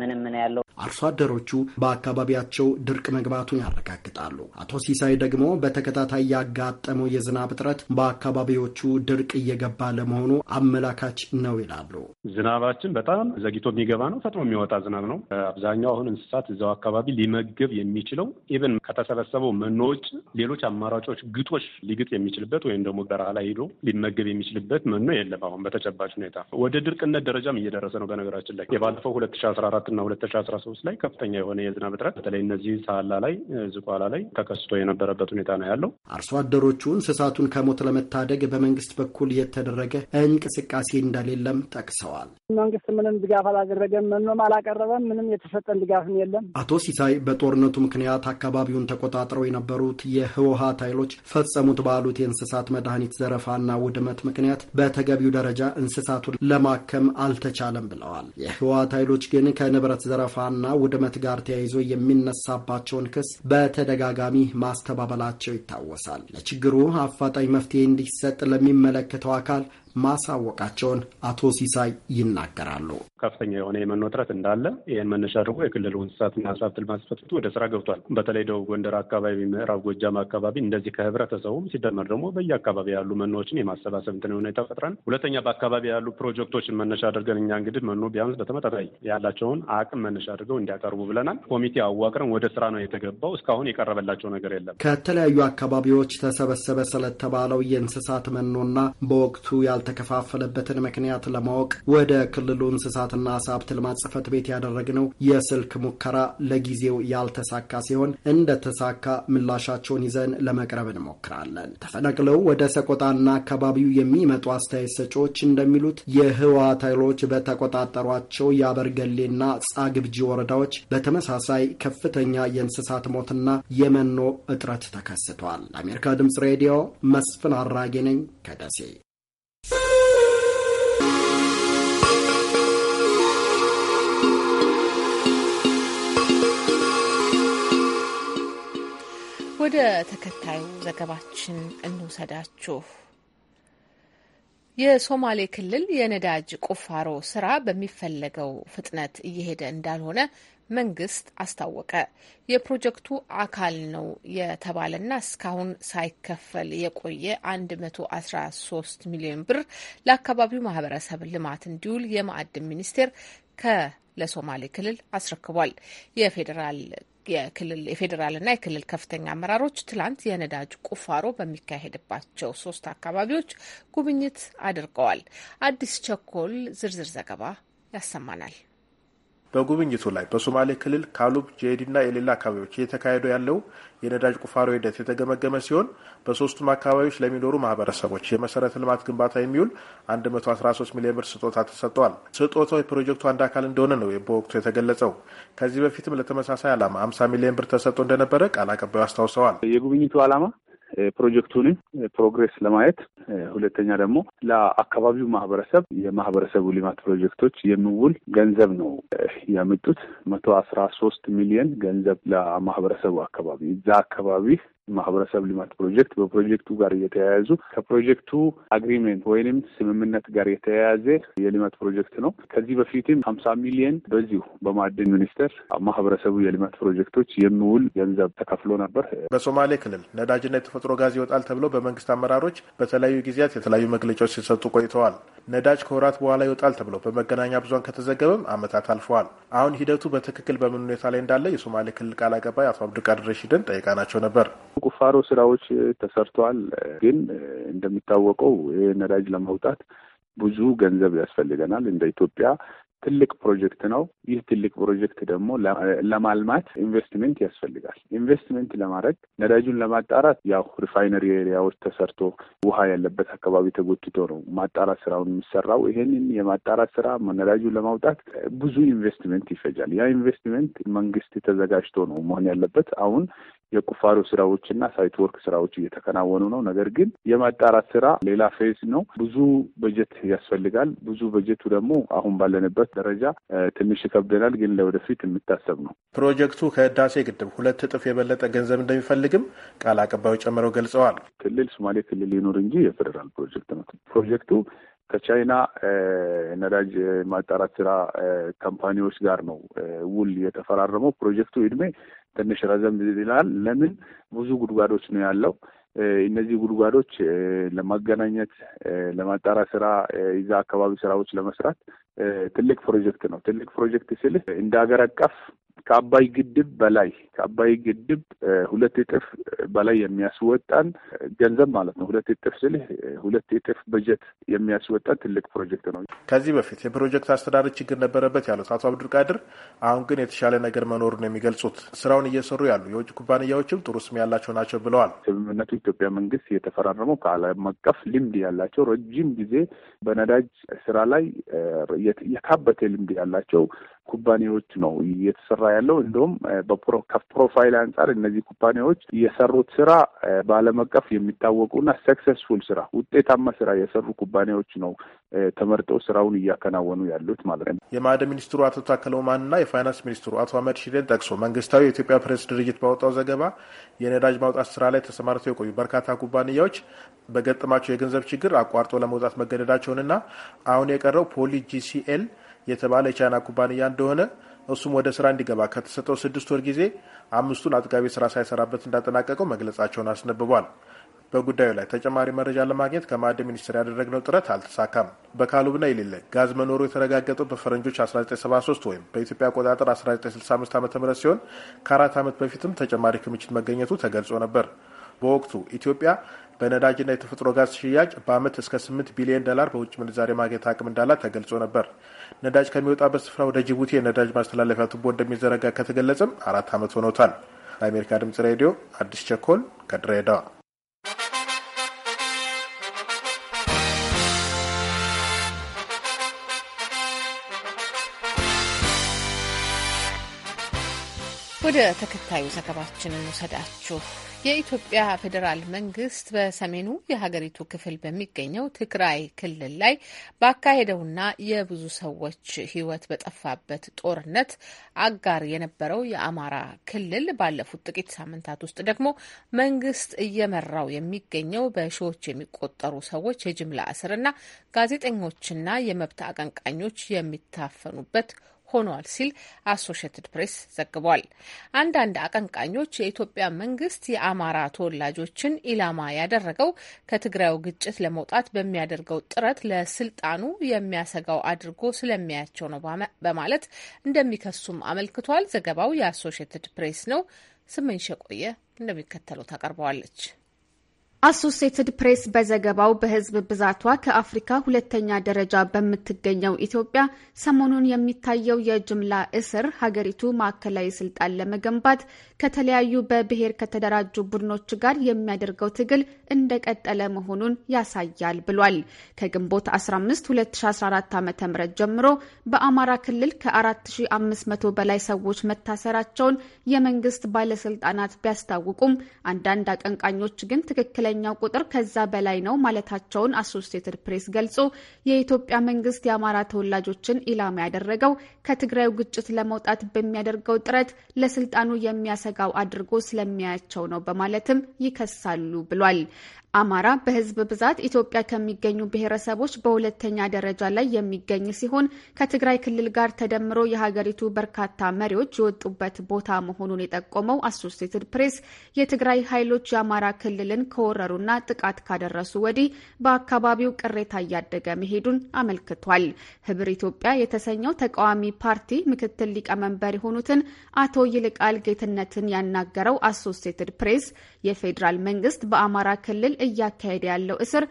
ምንም ያለው አርሶ አደሮቹ በአካባቢያቸው ድርቅ መግባቱን ያረጋግጣሉ። አቶ ሲሳይ ደግሞ በተከታታይ ያጋጠመው የዝናብ እጥረት በአካባቢዎቹ ድርቅ እየገባ ለመሆኑ አመላካች ነው ይላሉ። ዝናባችን በጣም ዘግይቶ የሚገባ ነው፣ ፈጥኖ የሚወጣ ዝናብ ነው። አብዛኛው አሁን እንስሳት እዛው አካባቢ ሊመገብ የሚችለው ኢቨን ከተሰበሰበው መኖ ውጭ ሌሎች አማራጮች ግጦሽ ሊግጥ የሚችልበት ወይም ደግሞ በረሃ ላይ ሄዶ ሊመገብ የሚችልበት መኖ የለም። አሁን በተጨባጭ ሁኔታ ወደ ድርቅነት ደረጃም እየደረሰ ነው። በነገራችን ላይ የባለፈው ሁለት ሺ አስራ አራት እና ሁለት ሺ አስራ ሶስት ላይ ከፍተኛ የሆነ የዝናብ እጥረት በተለይ እነዚህ ሳላ ላይ ዝቋላ ላይ ተከስቶ የነበረበት ሁኔታ ነው ያለው። አርሶ አደሮቹ እንስሳቱን ከሞት ከሞት ለመታደግ በመንግስት በኩል የተደረገ እንቅስቃሴ እንደሌለም ጠቅሰዋል። መንግስት ምንም ድጋፍ አላደረገም፣ መኖም አላቀረበም፣ ምንም የተሰጠን ድጋፍም የለም። አቶ ሲሳይ በጦርነቱ ምክንያት አካባቢውን ተቆጣጥረው የነበሩት የህወሀት ኃይሎች ፈጸሙት ባሉት የእንስሳት መድኃኒት ዘረፋና ውድመት ምክንያት በተገቢው ደረጃ እንስሳቱን ለማከም አልተቻለም ብለዋል። የህወሀት ኃይሎች ግን ከንብረት ዘረፋና ውድመት ጋር ተያይዞ የሚነሳባቸውን ክስ በተደጋጋሚ ማስተባበላቸው ይታወሳል። ለችግሩ አፋጣኝ መፍ መፍትሄ እንዲሰጥ ለሚመለከተው አካል ማሳወቃቸውን አቶ ሲሳይ ይናገራሉ። ከፍተኛ የሆነ የመኖ እጥረት እንዳለ ይህን መነሻ አድርጎ የክልሉ እንስሳትና ሀብት ልማት ጽሕፈት ወደ ስራ ገብቷል። በተለይ ደቡብ ጎንደር አካባቢ፣ ምዕራብ ጎጃም አካባቢ እንደዚህ ከህብረተሰቡም ሲደመር ደግሞ በየአካባቢ ያሉ መኖዎችን የማሰባሰብ እንትን ሁኔታ ፈጥረን፣ ሁለተኛ በአካባቢ ያሉ ፕሮጀክቶችን መነሻ አድርገን እኛ እንግዲህ መኖ ቢያንስ በተመጣጣይ ያላቸውን አቅም መነሻ አድርገው እንዲያቀርቡ ብለናል። ኮሚቴ አዋቅረን ወደ ስራ ነው የተገባው። እስካሁን የቀረበላቸው ነገር የለም። ከተለያዩ አካባቢዎች ተሰበሰበ ስለተባለው የእንስሳት መኖና በወቅቱ ያ ያልተከፋፈለበትን ምክንያት ለማወቅ ወደ ክልሉ እንስሳትና አሳ ሀብት ልማት ጽፈት ቤት ያደረግነው የስልክ ሙከራ ለጊዜው ያልተሳካ ሲሆን እንደተሳካ ምላሻቸውን ይዘን ለመቅረብ እንሞክራለን። ተፈናቅለው ወደ ሰቆጣና አካባቢው የሚመጡ አስተያየት ሰጪዎች እንደሚሉት የህወሓት ኃይሎች በተቆጣጠሯቸው የአበርገሌና ጻግብጂ ወረዳዎች በተመሳሳይ ከፍተኛ የእንስሳት ሞትና የመኖ እጥረት ተከስቷል። ለአሜሪካ ድምጽ ሬዲዮ መስፍን አራጌ ነኝ ከደሴ። ወደ ተከታዩ ዘገባችን እንውሰዳችሁ። የሶማሌ ክልል የነዳጅ ቁፋሮ ስራ በሚፈለገው ፍጥነት እየሄደ እንዳልሆነ መንግስት አስታወቀ። የፕሮጀክቱ አካል ነው የተባለና እስካሁን ሳይከፈል የቆየ 113 ሚሊዮን ብር ለአካባቢው ማህበረሰብ ልማት እንዲውል የማዕድን ሚኒስቴር ለሶማሌ ክልል አስረክቧል። የፌዴራል የክልል የፌዴራልና የክልል ከፍተኛ አመራሮች ትላንት የነዳጅ ቁፋሮ በሚካሄድባቸው ሶስት አካባቢዎች ጉብኝት አድርገዋል። አዲስ ቸኮል ዝርዝር ዘገባ ያሰማናል። በጉብኝቱ ላይ በሶማሌ ክልል ካሉብ፣ ጄዲና የሌላ አካባቢዎች እየተካሄደ ያለው የነዳጅ ቁፋሮ ሂደት የተገመገመ ሲሆን በሶስቱም አካባቢዎች ለሚኖሩ ማህበረሰቦች የመሰረተ ልማት ግንባታ የሚውል 113 ሚሊዮን ብር ስጦታ ተሰጥተዋል። ስጦታው የፕሮጀክቱ አንድ አካል እንደሆነ ነው በወቅቱ የተገለጸው። ከዚህ በፊትም ለተመሳሳይ ዓላማ 50 ሚሊዮን ብር ተሰጥቶ እንደነበረ ቃል አቀባዩ አስታውሰዋል። የጉብኝቱ ዓላማ ፕሮጀክቱን ፕሮግሬስ ለማየት ሁለተኛ ደግሞ ለአካባቢው ማህበረሰብ የማህበረሰቡ ልማት ፕሮጀክቶች የሚውል ገንዘብ ነው ያመጡት። መቶ አስራ ሶስት ሚሊዮን ገንዘብ ለማህበረሰቡ አካባቢ እዛ አካባቢ ማህበረሰብ ልማት ፕሮጀክት በፕሮጀክቱ ጋር እየተያያዙ ከፕሮጀክቱ አግሪሜንት ወይንም ስምምነት ጋር የተያያዘ የልማት ፕሮጀክት ነው። ከዚህ በፊትም ሀምሳ ሚሊየን በዚሁ በማዕድን ሚኒስቴር ማህበረሰቡ የልማት ፕሮጀክቶች የሚውል ገንዘብ ተከፍሎ ነበር። በሶማሌ ክልል ነዳጅና የተፈጥሮ ጋዝ ይወጣል ተብሎ በመንግስት አመራሮች በተለያዩ ጊዜያት የተለያዩ መግለጫዎች ሲሰጡ ቆይተዋል። ነዳጅ ከወራት በኋላ ይወጣል ተብሎ በመገናኛ ብዙን ከተዘገበም አመታት አልፈዋል። አሁን ሂደቱ በትክክል በምን ሁኔታ ላይ እንዳለ የሶማሌ ክልል ቃል አቀባይ አቶ አብዱልቃድር ረሺድን ጠይቃ ናቸው ነበር። ቁፋሮ ስራዎች ተሰርተዋል። ግን እንደሚታወቀው ይህ ነዳጅ ለማውጣት ብዙ ገንዘብ ያስፈልገናል። እንደ ኢትዮጵያ ትልቅ ፕሮጀክት ነው። ይህ ትልቅ ፕሮጀክት ደግሞ ለማልማት ኢንቨስትመንት ያስፈልጋል። ኢንቨስትመንት ለማድረግ ነዳጁን ለማጣራት ያው ሪፋይነሪ ኤሪያዎች ተሰርቶ ውሃ ያለበት አካባቢ ተጎትቶ ነው ማጣራት ስራውን የሚሰራው። ይሄንን የማጣራት ስራ ነዳጁን ለማውጣት ብዙ ኢንቨስትመንት ይፈጃል። ያ ኢንቨስትመንት መንግስት ተዘጋጅቶ ነው መሆን ያለበት። አሁን የቁፋሮ ስራዎችና ሳይት ወርክ ስራዎች እየተከናወኑ ነው። ነገር ግን የማጣራት ስራ ሌላ ፌዝ ነው። ብዙ በጀት ያስፈልጋል። ብዙ በጀቱ ደግሞ አሁን ባለንበት ደረጃ ትንሽ ይከብደናል፣ ግን ለወደፊት የሚታሰብ ነው። ፕሮጀክቱ ከህዳሴ ግድብ ሁለት እጥፍ የበለጠ ገንዘብ እንደሚፈልግም ቃል አቀባዩ ጨምረው ገልጸዋል። ክልል ሶማሌ ክልል ይኖር እንጂ የፌዴራል ፕሮጀክት ነው። ፕሮጀክቱ ከቻይና ነዳጅ ማጣራት ስራ ካምፓኒዎች ጋር ነው ውል የተፈራረመው። ፕሮጀክቱ እድሜ ትንሽ ረዘም ይላል። ለምን ብዙ ጉድጓዶች ነው ያለው። እነዚህ ጉድጓዶች ለማገናኘት ለማጣራት ስራ ይዛ አካባቢ ስራዎች ለመስራት ትልቅ ፕሮጀክት ነው። ትልቅ ፕሮጀክት ስልህ እንደ ሀገር አቀፍ ከአባይ ግድብ በላይ ከአባይ ግድብ ሁለት እጥፍ በላይ የሚያስወጣን ገንዘብ ማለት ነው። ሁለት እጥፍ ስልህ ሁለት እጥፍ በጀት የሚያስወጣን ትልቅ ፕሮጀክት ነው። ከዚህ በፊት የፕሮጀክት አስተዳደር ችግር ነበረበት ያሉት አቶ አብዱልቃድር አሁን ግን የተሻለ ነገር መኖሩን የሚገልጹት ስራውን እየሰሩ ያሉ የውጭ ኩባንያዎችም ጥሩ ስም ያላቸው ናቸው ብለዋል። ስምምነቱ ኢትዮጵያ መንግስት የተፈራረመው ከዓለም አቀፍ ልምድ ያላቸው ረጅም ጊዜ በነዳጅ ስራ ላይ የታበተ ልምድ ያላቸው ኩባንያዎች ነው እየተሰራ ያለው። እንደውም ከፕሮፋይል አንጻር እነዚህ ኩባንያዎች የሰሩት ስራ በዓለም አቀፍ የሚታወቁና ሰክሰስፉል ስራ ውጤታማ ስራ የሰሩ ኩባንያዎች ነው ተመርጠው ስራውን እያከናወኑ ያሉት ማለት ነው። የማዕድን ሚኒስትሩ አቶ ታከለ ኡማንና የፋይናንስ ሚኒስትሩ አቶ አህመድ ሺዴን ጠቅሶ መንግስታዊ የኢትዮጵያ ፕሬስ ድርጅት ባወጣው ዘገባ የነዳጅ ማውጣት ስራ ላይ ተሰማርተው የቆዩ በርካታ ኩባንያዎች በገጠማቸው የገንዘብ ችግር አቋርጦ ለመውጣት መገደዳቸውንና አሁን የቀረው ፖሊ ጂሲኤል የተባለ የቻይና ኩባንያ እንደሆነ እሱም ወደ ስራ እንዲገባ ከተሰጠው ስድስት ወር ጊዜ አምስቱን አጥጋቢ ስራ ሳይሰራበት እንዳጠናቀቀው መግለጻቸውን አስነብቧል። በጉዳዩ ላይ ተጨማሪ መረጃ ለማግኘት ከማዕድን ሚኒስቴር ያደረግነው ጥረት አልተሳካም። በካሉብና የሌለ ጋዝ መኖሩ የተረጋገጠው በፈረንጆች 1973 ወይም በኢትዮጵያ አቆጣጠር 1965 ዓ ም ሲሆን ከአራት ዓመት በፊትም ተጨማሪ ክምችት መገኘቱ ተገልጾ ነበር። በወቅቱ ኢትዮጵያ በነዳጅና የተፈጥሮ ጋዝ ሽያጭ በዓመት እስከ 8 ቢሊዮን ዶላር በውጭ ምንዛሬ ማግኘት አቅም እንዳላት ተገልጾ ነበር። ነዳጅ ከሚወጣበት ስፍራ ወደ ጅቡቲ የነዳጅ ማስተላለፊያ ቱቦ እንደሚዘረጋ ከተገለጸም አራት ዓመት ሆኖታል። ለአሜሪካ ድምጽ ሬዲዮ አዲስ ቸኮል ከድሬዳዋ። ወደ ተከታዩ ዘገባችን ውሰዳችሁ። የኢትዮጵያ ፌዴራል መንግስት በሰሜኑ የሀገሪቱ ክፍል በሚገኘው ትግራይ ክልል ላይ ባካሄደውና የብዙ ሰዎች ሕይወት በጠፋበት ጦርነት አጋር የነበረው የአማራ ክልል ባለፉት ጥቂት ሳምንታት ውስጥ ደግሞ መንግስት እየመራው የሚገኘው በሺዎች የሚቆጠሩ ሰዎች የጅምላ እስርና ጋዜጠኞችና የመብት አቀንቃኞች የሚታፈኑበት ሆኗል ሲል አሶሽትድ ፕሬስ ዘግቧል። አንዳንድ አቀንቃኞች የኢትዮጵያ መንግስት የአማራ ተወላጆችን ኢላማ ያደረገው ከትግራዩ ግጭት ለመውጣት በሚያደርገው ጥረት ለስልጣኑ የሚያሰጋው አድርጎ ስለሚያያቸው ነው በማለት እንደሚከሱም አመልክቷል። ዘገባው የአሶሽትድ ፕሬስ ነው። ስመኝሽ የቆየ እንደሚከተለው ታቀርበዋለች። አሶሴትድ ፕሬስ በዘገባው በሕዝብ ብዛቷ ከአፍሪካ ሁለተኛ ደረጃ በምትገኘው ኢትዮጵያ ሰሞኑን የሚታየው የጅምላ እስር ሀገሪቱ ማዕከላዊ ስልጣን ለመገንባት ከተለያዩ በብሔር ከተደራጁ ቡድኖች ጋር የሚያደርገው ትግል እንደቀጠለ መሆኑን ያሳያል ብሏል። ከግንቦት 15 2014 ዓ.ም ጀምሮ በአማራ ክልል ከ4500 በላይ ሰዎች መታሰራቸውን የመንግስት ባለስልጣናት ቢያስታውቁም አንዳንድ አቀንቃኞች ግን ትክክለ ትክክለኛው ቁጥር ከዛ በላይ ነው ማለታቸውን አሶሲየትድ ፕሬስ ገልጾ የኢትዮጵያ መንግስት የአማራ ተወላጆችን ኢላማ ያደረገው ከትግራዩ ግጭት ለመውጣት በሚያደርገው ጥረት ለስልጣኑ የሚያሰጋው አድርጎ ስለሚያያቸው ነው በማለትም ይከሳሉ ብሏል። አማራ በህዝብ ብዛት ኢትዮጵያ ከሚገኙ ብሔረሰቦች በሁለተኛ ደረጃ ላይ የሚገኝ ሲሆን ከትግራይ ክልል ጋር ተደምሮ የሀገሪቱ በርካታ መሪዎች የወጡበት ቦታ መሆኑን የጠቆመው አሶሴትድ ፕሬስ የትግራይ ኃይሎች የአማራ ክልልን ከወረሩና ጥቃት ካደረሱ ወዲህ በአካባቢው ቅሬታ እያደገ መሄዱን አመልክቷል። ህብር ኢትዮጵያ የተሰኘው ተቃዋሚ ፓርቲ ምክትል ሊቀመንበር የሆኑትን አቶ ይልቃል ጌትነትን ያናገረው አሶሴትድ ፕሬስ የፌዴራል መንግስት በአማራ ክልል እያካሄደ ያለው እስር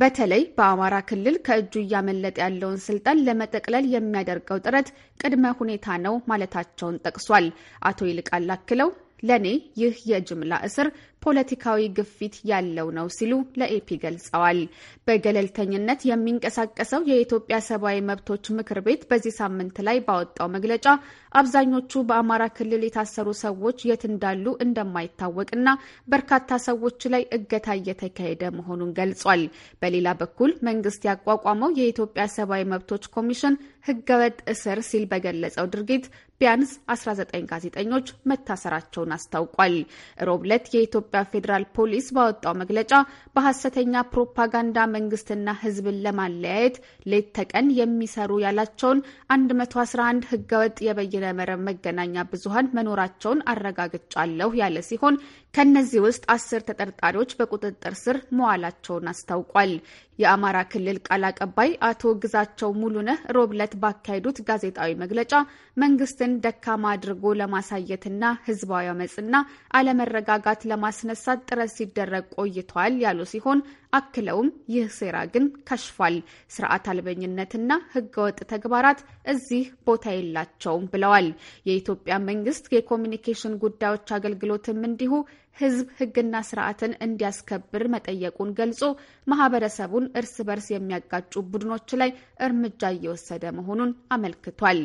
በተለይ በአማራ ክልል ከእጁ እያመለጠ ያለውን ስልጣን ለመጠቅለል የሚያደርገው ጥረት ቅድመ ሁኔታ ነው ማለታቸውን ጠቅሷል። አቶ ይልቃል አክለው ለእኔ ይህ የጅምላ እስር ፖለቲካዊ ግፊት ያለው ነው ሲሉ ለኤፒ ገልጸዋል። በገለልተኝነት የሚንቀሳቀሰው የኢትዮጵያ ሰብአዊ መብቶች ምክር ቤት በዚህ ሳምንት ላይ ባወጣው መግለጫ አብዛኞቹ በአማራ ክልል የታሰሩ ሰዎች የት እንዳሉ እንደማይታወቅና በርካታ ሰዎች ላይ እገታ እየተካሄደ መሆኑን ገልጿል። በሌላ በኩል መንግስት ያቋቋመው የኢትዮጵያ ሰብአዊ መብቶች ኮሚሽን ህገወጥ እስር ሲል በገለጸው ድርጊት ቢያንስ 19 ጋዜጠኞች መታሰራቸውን አስታውቋል። ሮብ ዕለት የኢትዮጵያ ፌዴራል ፖሊስ ባወጣው መግለጫ በሐሰተኛ ፕሮፓጋንዳ መንግስትና ህዝብን ለማለያየት ሌት ተቀን የሚሰሩ ያላቸውን 111 ህገወጥ የበይነ መረብ መገናኛ ብዙሀን መኖራቸውን አረጋግጫለሁ ያለ ሲሆን ከእነዚህ ውስጥ አስር ተጠርጣሪዎች በቁጥጥር ስር መዋላቸውን አስታውቋል። የአማራ ክልል ቃል አቀባይ አቶ ግዛቸው ሙሉነህ ሮብ ዕለት ባካሄዱት ጋዜጣዊ መግለጫ መንግስት መንግስትን ደካማ አድርጎ ለማሳየትና ህዝባዊ አመፅና አለመረጋጋት ለማስነሳት ጥረት ሲደረግ ቆይተዋል ያሉ ሲሆን አክለውም ይህ ሴራ ግን ከሽፏል፣ ስርዓት አልበኝነትና ህገወጥ ተግባራት እዚህ ቦታ የላቸውም ብለዋል። የኢትዮጵያ መንግስት የኮሚኒኬሽን ጉዳዮች አገልግሎትም እንዲሁ ህዝብ ህግና ስርዓትን እንዲያስከብር መጠየቁን ገልጾ ማህበረሰቡን እርስ በርስ የሚያጋጩ ቡድኖች ላይ እርምጃ እየወሰደ መሆኑን አመልክቷል።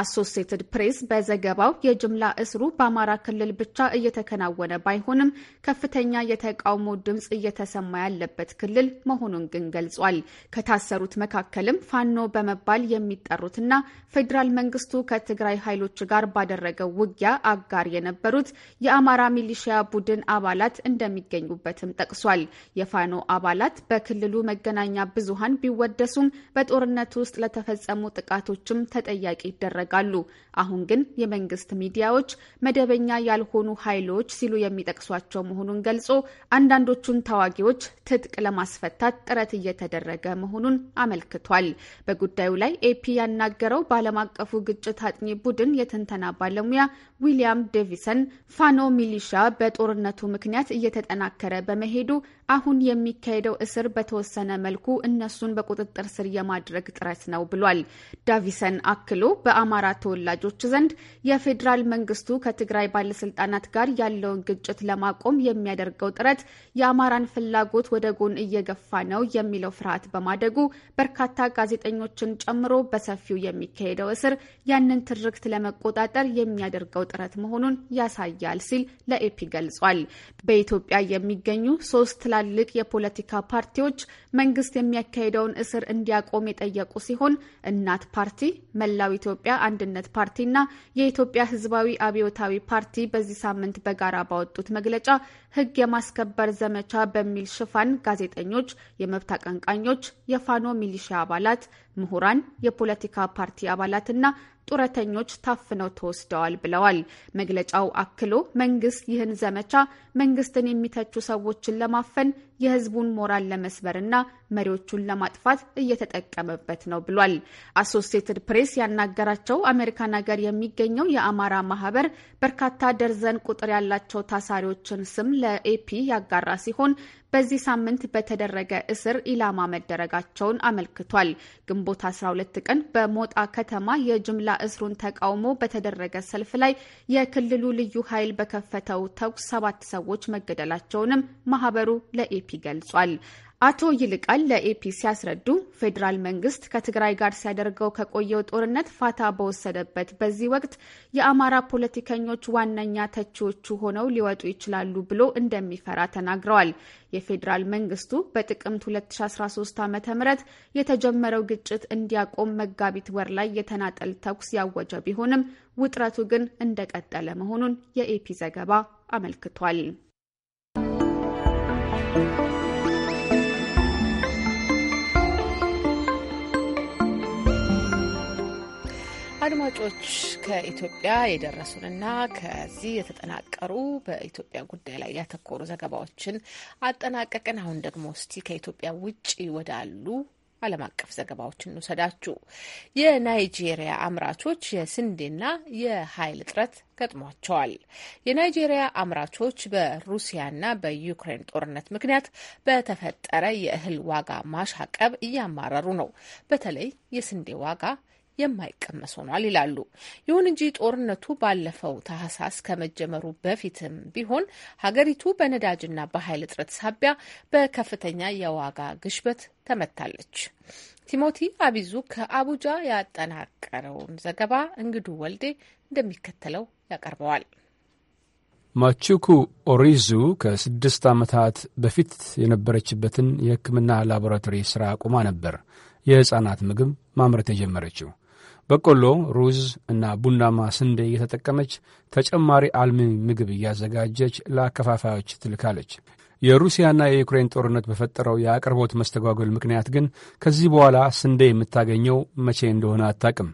አሶሴትድ ፕሬስ በዘገባው የጅምላ እስሩ በአማራ ክልል ብቻ እየተከናወነ ባይሆንም ከፍተኛ የተቃውሞ ድምፅ እየተሰማ ያለበት ክልል መሆኑን ግን ገልጿል። ከታሰሩት መካከልም ፋኖ በመባል የሚጠሩትና ፌዴራል መንግስቱ ከትግራይ ኃይሎች ጋር ባደረገው ውጊያ አጋር የነበሩት የአማራ ሚሊሺያ ቡድን ቡድን አባላት እንደሚገኙበትም ጠቅሷል። የፋኖ አባላት በክልሉ መገናኛ ብዙሃን ቢወደሱም በጦርነቱ ውስጥ ለተፈጸሙ ጥቃቶችም ተጠያቂ ይደረጋሉ። አሁን ግን የመንግስት ሚዲያዎች መደበኛ ያልሆኑ ኃይሎች ሲሉ የሚጠቅሷቸው መሆኑን ገልጾ አንዳንዶቹን ታዋጊዎች ትጥቅ ለማስፈታት ጥረት እየተደረገ መሆኑን አመልክቷል። በጉዳዩ ላይ ኤፒ ያናገረው በዓለም አቀፉ ግጭት አጥኚ ቡድን የትንተና ባለሙያ ዊሊያም ዴቪሰን ፋኖ ሚሊሻ በጦርነ ጦርነቱ ምክንያት እየተጠናከረ በመሄዱ አሁን የሚካሄደው እስር በተወሰነ መልኩ እነሱን በቁጥጥር ስር የማድረግ ጥረት ነው ብሏል። ዳቪሰን አክሎ በአማራ ተወላጆች ዘንድ የፌዴራል መንግስቱ ከትግራይ ባለስልጣናት ጋር ያለውን ግጭት ለማቆም የሚያደርገው ጥረት የአማራን ፍላጎት ወደ ጎን እየገፋ ነው የሚለው ፍርሃት በማደጉ በርካታ ጋዜጠኞችን ጨምሮ በሰፊው የሚካሄደው እስር ያንን ትርክት ለመቆጣጠር የሚያደርገው ጥረት መሆኑን ያሳያል ሲል ለኤፒ ገልጿል። በኢትዮጵያ የሚገኙ ሶስት ትላልቅ የፖለቲካ ፓርቲዎች መንግስት የሚያካሂደውን እስር እንዲያቆም የጠየቁ ሲሆን እናት ፓርቲ፣ መላው ኢትዮጵያ አንድነት ፓርቲና የኢትዮጵያ ህዝባዊ አብዮታዊ ፓርቲ በዚህ ሳምንት በጋራ ባወጡት መግለጫ ሕግ የማስከበር ዘመቻ በሚል ሽፋን ጋዜጠኞች፣ የመብት አቀንቃኞች፣ የፋኖ ሚሊሻ አባላት፣ ምሁራን፣ የፖለቲካ ፓርቲ አባላትና ጡረተኞች ታፍነው ተወስደዋል ብለዋል። መግለጫው አክሎ መንግስት ይህን ዘመቻ መንግስትን የሚተቹ ሰዎችን ለማፈን የህዝቡን ሞራል ለመስበርና መሪዎቹን ለማጥፋት እየተጠቀመበት ነው ብሏል። አሶሲየትድ ፕሬስ ያናገራቸው አሜሪካን ሀገር የሚገኘው የአማራ ማህበር በርካታ ደርዘን ቁጥር ያላቸው ታሳሪዎችን ስም ለኤፒ ያጋራ ሲሆን በዚህ ሳምንት በተደረገ እስር ኢላማ መደረጋቸውን አመልክቷል። ግንቦት 12 ቀን በሞጣ ከተማ የጅምላ እስሩን ተቃውሞ በተደረገ ሰልፍ ላይ የክልሉ ልዩ ኃይል በከፈተው ተኩስ ሰባት ሰዎች መገደላቸውንም ማህበሩ ለኤፒ ገልጿል። አቶ ይልቃል ለኤፒ ሲያስረዱ ፌዴራል መንግስት ከትግራይ ጋር ሲያደርገው ከቆየው ጦርነት ፋታ በወሰደበት በዚህ ወቅት የአማራ ፖለቲከኞች ዋነኛ ተቺዎቹ ሆነው ሊወጡ ይችላሉ ብሎ እንደሚፈራ ተናግረዋል። የፌዴራል መንግስቱ በጥቅምት 2013 ዓ ም የተጀመረው ግጭት እንዲያቆም መጋቢት ወር ላይ የተናጠል ተኩስ ያወጀ ቢሆንም ውጥረቱ ግን እንደቀጠለ መሆኑን የኤፒ ዘገባ አመልክቷል። አድማጮች ከኢትዮጵያ የደረሱንና ከዚህ የተጠናቀሩ በኢትዮጵያ ጉዳይ ላይ ያተኮሩ ዘገባዎችን አጠናቀቅን። አሁን ደግሞ እስቲ ከኢትዮጵያ ውጭ ወዳሉ ዓለም አቀፍ ዘገባዎችን እንውሰዳችሁ። የናይጄሪያ አምራቾች የስንዴና የኃይል እጥረት ገጥሟቸዋል። የናይጄሪያ አምራቾች በሩሲያና በዩክሬን ጦርነት ምክንያት በተፈጠረ የእህል ዋጋ ማሻቀብ እያማረሩ ነው። በተለይ የስንዴ ዋጋ የማይቀመስ ሆኗል ይላሉ። ይሁን እንጂ ጦርነቱ ባለፈው ታህሳስ ከመጀመሩ በፊትም ቢሆን ሀገሪቱ በነዳጅና በኃይል እጥረት ሳቢያ በከፍተኛ የዋጋ ግሽበት ተመታለች። ቲሞቲ አቢዙ ከአቡጃ ያጠናቀረውን ዘገባ እንግዱ ወልዴ እንደሚከተለው ያቀርበዋል። ማቹኩ ኦሪዙ ከስድስት ዓመታት በፊት የነበረችበትን የሕክምና ላቦራቶሪ ሥራ አቁማ ነበር የሕፃናት ምግብ ማምረት የጀመረችው። በቆሎ፣ ሩዝ እና ቡናማ ስንዴ እየተጠቀመች ተጨማሪ አልሚ ምግብ እያዘጋጀች ለአከፋፋዮች ትልካለች። የሩሲያና የዩክሬን ጦርነት በፈጠረው የአቅርቦት መስተጓጎል ምክንያት ግን ከዚህ በኋላ ስንዴ የምታገኘው መቼ እንደሆነ አታቅም።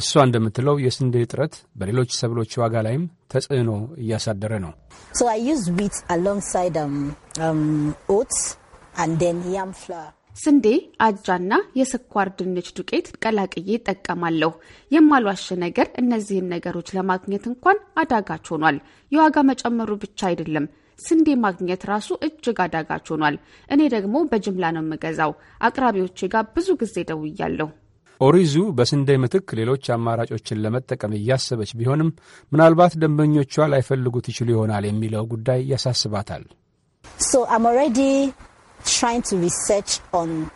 እሷ እንደምትለው የስንዴ እጥረት በሌሎች ሰብሎች ዋጋ ላይም ተጽዕኖ እያሳደረ ነው። ኦትስ ስንዴ፣ አጃና የስኳር ድንች ዱቄት ቀላቅዬ ጠቀማለሁ የማልዋሽ ነገር እነዚህን ነገሮች ለማግኘት እንኳን አዳጋች ሆኗል። የዋጋ መጨመሩ ብቻ አይደለም ስንዴ ማግኘት ራሱ እጅግ አዳጋች ሆኗል። እኔ ደግሞ በጅምላ ነው የምገዛው። አቅራቢዎቼ ጋር ብዙ ጊዜ ደውያለሁ። ኦሪዙ በስንዴ ምትክ ሌሎች አማራጮችን ለመጠቀም እያሰበች ቢሆንም ምናልባት ደንበኞቿ ላይፈልጉት ይችሉ ይሆናል የሚለው ጉዳይ ያሳስባታል። trying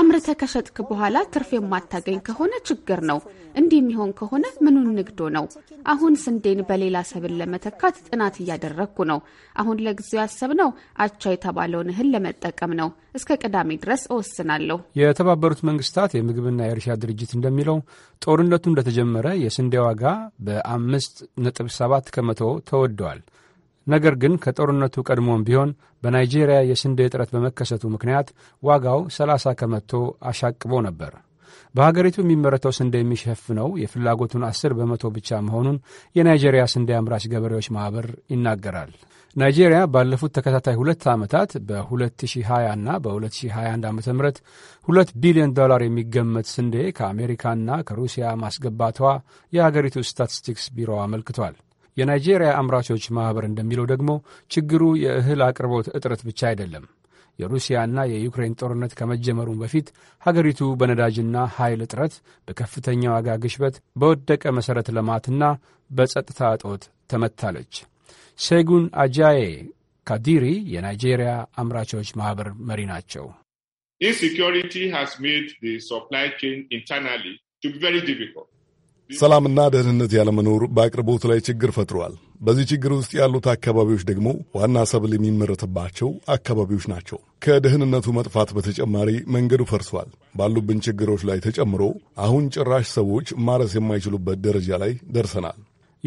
አምርተ ከሸጥክ በኋላ ትርፍ የማታገኝ ከሆነ ችግር ነው። እንዲህ የሚሆን ከሆነ ምኑን ንግዶ ነው? አሁን ስንዴን በሌላ ሰብል ለመተካት ጥናት እያደረግኩ ነው። አሁን ለጊዜው ያሰብነው አቻ የተባለውን እህል ለመጠቀም ነው። እስከ ቅዳሜ ድረስ እወስናለሁ። የተባበሩት መንግስታት የምግብና የእርሻ ድርጅት እንደሚለው ጦርነቱ እንደተጀመረ የስንዴ ዋጋ በአምስት ነጥብ ሰባት ከመቶ ተወደዋል። ነገር ግን ከጦርነቱ ቀድሞም ቢሆን በናይጄሪያ የስንዴ እጥረት በመከሰቱ ምክንያት ዋጋው 30 ከመቶ አሻቅቦ ነበር። በሀገሪቱ የሚመረተው ስንዴ የሚሸፍነው የፍላጎቱን 10 በመቶ ብቻ መሆኑን የናይጄሪያ ስንዴ አምራች ገበሬዎች ማኅበር ይናገራል። ናይጄሪያ ባለፉት ተከታታይ ሁለት ዓመታት በ2020 እና በ2021 ዓ ም ሁለት ቢሊዮን ዶላር የሚገመት ስንዴ ከአሜሪካና ከሩሲያ ማስገባቷ የሀገሪቱ ስታቲስቲክስ ቢሮ አመልክቷል። የናይጄሪያ አምራቾች ማኅበር እንደሚለው ደግሞ ችግሩ የእህል አቅርቦት እጥረት ብቻ አይደለም። የሩሲያና የዩክሬን ጦርነት ከመጀመሩ በፊት ሀገሪቱ በነዳጅና ኃይል እጥረት፣ በከፍተኛ ዋጋ ግሽበት፣ በወደቀ መሠረተ ልማትና በጸጥታ እጦት ተመታለች። ሴጉን አጃዬ ካዲሪ የናይጄሪያ አምራቾች ማኅበር መሪ ናቸው። ኢንሴኪሪቲ ሃዝ ሜድ ዘ ሰፕላይ ቼን ኢንተርናሊ ቱ ቢ ቨሪ ዲፊካልት ሰላምና ደህንነት ያለመኖር በአቅርቦት ላይ ችግር ፈጥሯል። በዚህ ችግር ውስጥ ያሉት አካባቢዎች ደግሞ ዋና ሰብል የሚመረትባቸው አካባቢዎች ናቸው። ከደህንነቱ መጥፋት በተጨማሪ መንገዱ ፈርሷል። ባሉብን ችግሮች ላይ ተጨምሮ አሁን ጭራሽ ሰዎች ማረስ የማይችሉበት ደረጃ ላይ ደርሰናል።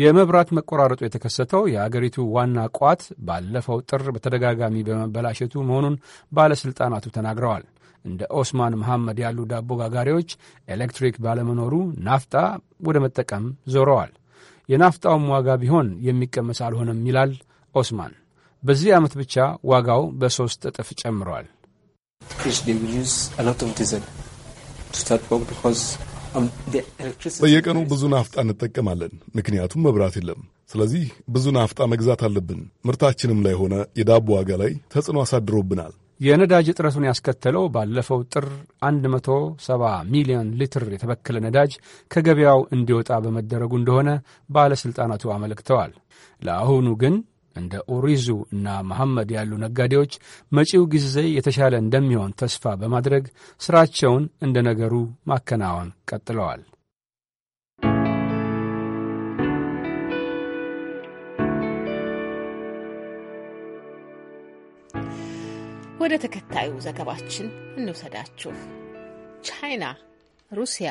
የመብራት መቆራረጡ የተከሰተው የአገሪቱ ዋና ቋት ባለፈው ጥር በተደጋጋሚ በመበላሸቱ መሆኑን ባለሥልጣናቱ ተናግረዋል። እንደ ኦስማን መሐመድ ያሉ ዳቦ ጋጋሪዎች ኤሌክትሪክ ባለመኖሩ ናፍጣ ወደ መጠቀም ዞረዋል። የናፍጣውም ዋጋ ቢሆን የሚቀመስ አልሆነም ይላል ኦስማን። በዚህ ዓመት ብቻ ዋጋው በሦስት እጥፍ ጨምረዋል። um, በየቀኑ ብዙ ናፍጣ እንጠቀማለን፣ ምክንያቱም መብራት የለም። ስለዚህ ብዙ ናፍጣ መግዛት አለብን። ምርታችንም ላይ ሆነ የዳቦ ዋጋ ላይ ተጽዕኖ አሳድሮብናል። የነዳጅ እጥረቱን ያስከተለው ባለፈው ጥር 170 ሚሊዮን ሊትር የተበከለ ነዳጅ ከገበያው እንዲወጣ በመደረጉ እንደሆነ ባለሥልጣናቱ አመልክተዋል። ለአሁኑ ግን እንደ ኦሪዙ እና መሐመድ ያሉ ነጋዴዎች መጪው ጊዜ የተሻለ እንደሚሆን ተስፋ በማድረግ ሥራቸውን እንደ ነገሩ ማከናወን ቀጥለዋል። ወደ ተከታዩ ዘገባችን እንውሰዳችሁ። ቻይና፣ ሩሲያ፣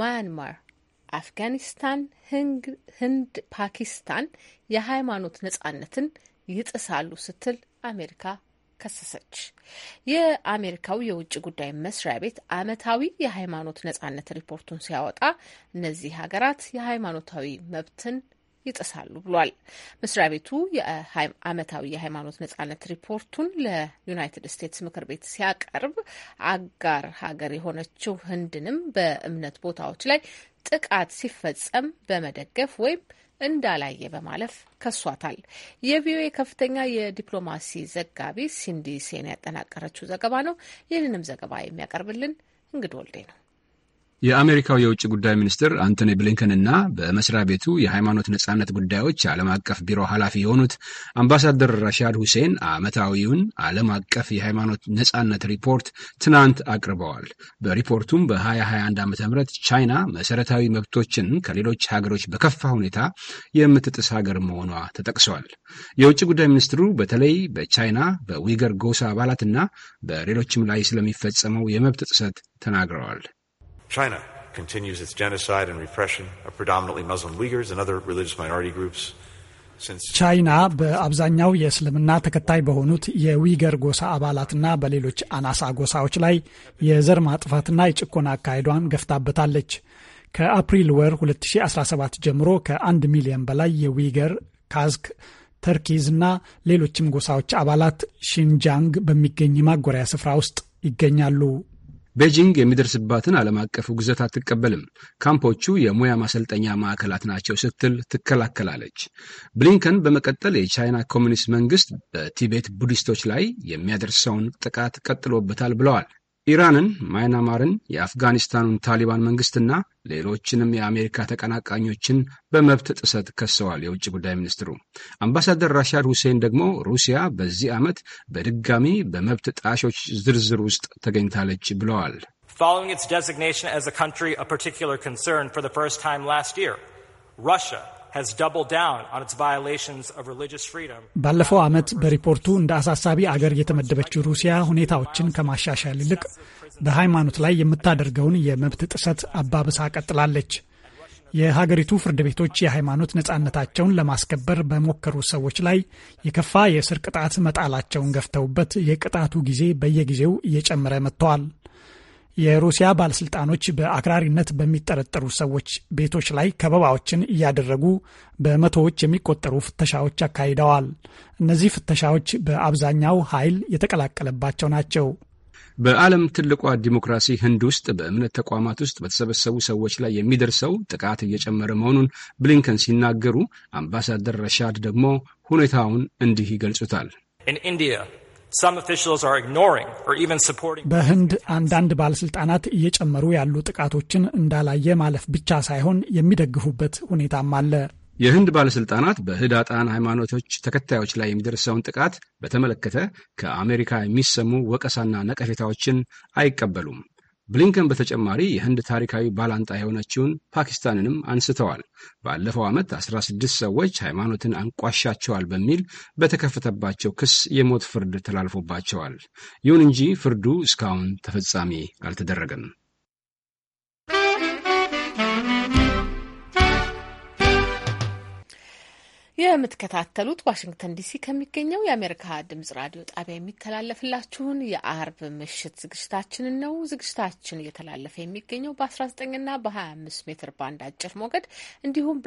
ማያንማር፣ አፍጋኒስታን፣ ህንድ፣ ፓኪስታን የሃይማኖት ነጻነትን ይጥሳሉ ስትል አሜሪካ ከሰሰች። የአሜሪካው የውጭ ጉዳይ መስሪያ ቤት አመታዊ የሃይማኖት ነጻነት ሪፖርቱን ሲያወጣ እነዚህ ሀገራት የሃይማኖታዊ መብትን ይጥሳሉ ብሏል። መስሪያ ቤቱ የአመታዊ የሃይማኖት ነጻነት ሪፖርቱን ለዩናይትድ ስቴትስ ምክር ቤት ሲያቀርብ አጋር ሀገር የሆነችው ህንድንም በእምነት ቦታዎች ላይ ጥቃት ሲፈጸም በመደገፍ ወይም እንዳላየ በማለፍ ከሷታል። የቪኦኤ ከፍተኛ የዲፕሎማሲ ዘጋቢ ሲንዲ ሴን ያጠናቀረችው ዘገባ ነው። ይህንንም ዘገባ የሚያቀርብልን እንግድ ወልዴ ነው። የአሜሪካው የውጭ ጉዳይ ሚኒስትር አንቶኒ ብሊንከንና በመስሪያ ቤቱ የሃይማኖት ነጻነት ጉዳዮች ዓለም አቀፍ ቢሮ ኃላፊ የሆኑት አምባሳደር ራሻድ ሁሴን ዓመታዊውን ዓለም አቀፍ የሃይማኖት ነጻነት ሪፖርት ትናንት አቅርበዋል። በሪፖርቱም በ2021 ዓ ም ቻይና መሰረታዊ መብቶችን ከሌሎች ሀገሮች በከፋ ሁኔታ የምትጥስ ሀገር መሆኗ ተጠቅሰዋል። የውጭ ጉዳይ ሚኒስትሩ በተለይ በቻይና በዊገር ጎሳ አባላትና በሌሎችም ላይ ስለሚፈጸመው የመብት ጥሰት ተናግረዋል። China continues its genocide and repression of predominantly Muslim Uyghurs and other religious minority groups. ቻይና በአብዛኛው የእስልምና ተከታይ በሆኑት የዊገር ጎሳ አባላትና በሌሎች አናሳ ጎሳዎች ላይ የዘር ማጥፋትና የጭቆና አካሄዷን ገፍታበታለች። ከአፕሪል ወር 2017 ጀምሮ ከ1 ሚሊዮን በላይ የዊገር ካዝክ ተርኪዝ እና ሌሎችም ጎሳዎች አባላት ሺንጃንግ በሚገኝ ማጎሪያ ስፍራ ውስጥ ይገኛሉ። ቤጂንግ የሚደርስባትን ዓለም አቀፍ ውግዘት አትቀበልም፣ ካምፖቹ የሙያ ማሰልጠኛ ማዕከላት ናቸው ስትል ትከላከላለች። ብሊንከን በመቀጠል የቻይና ኮሚኒስት መንግስት በቲቤት ቡዲስቶች ላይ የሚያደርሰውን ጥቃት ቀጥሎበታል ብለዋል። ኢራንን፣ ማይናማርን፣ የአፍጋኒስታኑን ታሊባን መንግስትና ሌሎችንም የአሜሪካ ተቀናቃኞችን በመብት ጥሰት ከሰዋል። የውጭ ጉዳይ ሚኒስትሩ አምባሳደር ራሻድ ሁሴን ደግሞ ሩሲያ በዚህ ዓመት በድጋሚ በመብት ጣሾች ዝርዝር ውስጥ ተገኝታለች ብለዋል። ሩሲያ ባለፈው ዓመት በሪፖርቱ እንደ አሳሳቢ አገር የተመደበችው ሩሲያ ሁኔታዎችን ከማሻሻል ይልቅ በሃይማኖት ላይ የምታደርገውን የመብት ጥሰት አባብሳ ቀጥላለች። የሀገሪቱ ፍርድ ቤቶች የሃይማኖት ነጻነታቸውን ለማስከበር በሞከሩ ሰዎች ላይ የከፋ የእስር ቅጣት መጣላቸውን ገፍተውበት የቅጣቱ ጊዜ በየጊዜው እየጨመረ መጥተዋል። የሩሲያ ባለስልጣኖች በአክራሪነት በሚጠረጠሩ ሰዎች ቤቶች ላይ ከበባዎችን እያደረጉ በመቶዎች የሚቆጠሩ ፍተሻዎች አካሂደዋል። እነዚህ ፍተሻዎች በአብዛኛው ኃይል የተቀላቀለባቸው ናቸው። በዓለም ትልቋ ዲሞክራሲ ህንድ ውስጥ በእምነት ተቋማት ውስጥ በተሰበሰቡ ሰዎች ላይ የሚደርሰው ጥቃት እየጨመረ መሆኑን ብሊንከን ሲናገሩ፣ አምባሳደር ረሻድ ደግሞ ሁኔታውን እንዲህ ይገልጹታል። በህንድ አንዳንድ ባለስልጣናት እየጨመሩ ያሉ ጥቃቶችን እንዳላየ ማለፍ ብቻ ሳይሆን የሚደግፉበት ሁኔታም አለ። የህንድ ባለስልጣናት በህዳጣን ሃይማኖቶች ተከታዮች ላይ የሚደርሰውን ጥቃት በተመለከተ ከአሜሪካ የሚሰሙ ወቀሳና ነቀፌታዎችን አይቀበሉም። ብሊንከን በተጨማሪ የህንድ ታሪካዊ ባላንጣ የሆነችውን ፓኪስታንንም አንስተዋል። ባለፈው ዓመት 16 ሰዎች ሃይማኖትን አንቋሻቸዋል በሚል በተከፈተባቸው ክስ የሞት ፍርድ ተላልፎባቸዋል። ይሁን እንጂ ፍርዱ እስካሁን ተፈጻሚ አልተደረገም። የምትከታተሉት ዋሽንግተን ዲሲ ከሚገኘው የአሜሪካ ድምጽ ራዲዮ ጣቢያ የሚተላለፍላችሁን የአርብ ምሽት ዝግጅታችንን ነው። ዝግጅታችን እየተላለፈ የሚገኘው በ19ና በ25 ሜትር ባንድ አጭር ሞገድ እንዲሁም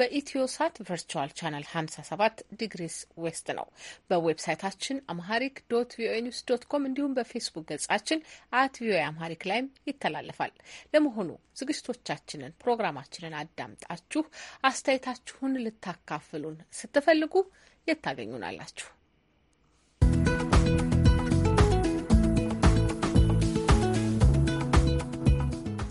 ሳት ቨርቹዋል ቻናል 57 ዲግሪስ ዌስት ነው። በዌብሳይታችን አምሃሪክ ዶት ቪኦኤ ኒውስ ዶት ኮም እንዲሁም በፌስቡክ ገጻችን አት ቪኦኤ አምሃሪክ ላይም ይተላለፋል። ለመሆኑ ዝግጅቶቻችንን ፕሮግራማችንን አዳምጣችሁ አስተያየታችሁን ልታካፍሉን ስትፈ ብትፈልጉ የታገኙናላችሁ።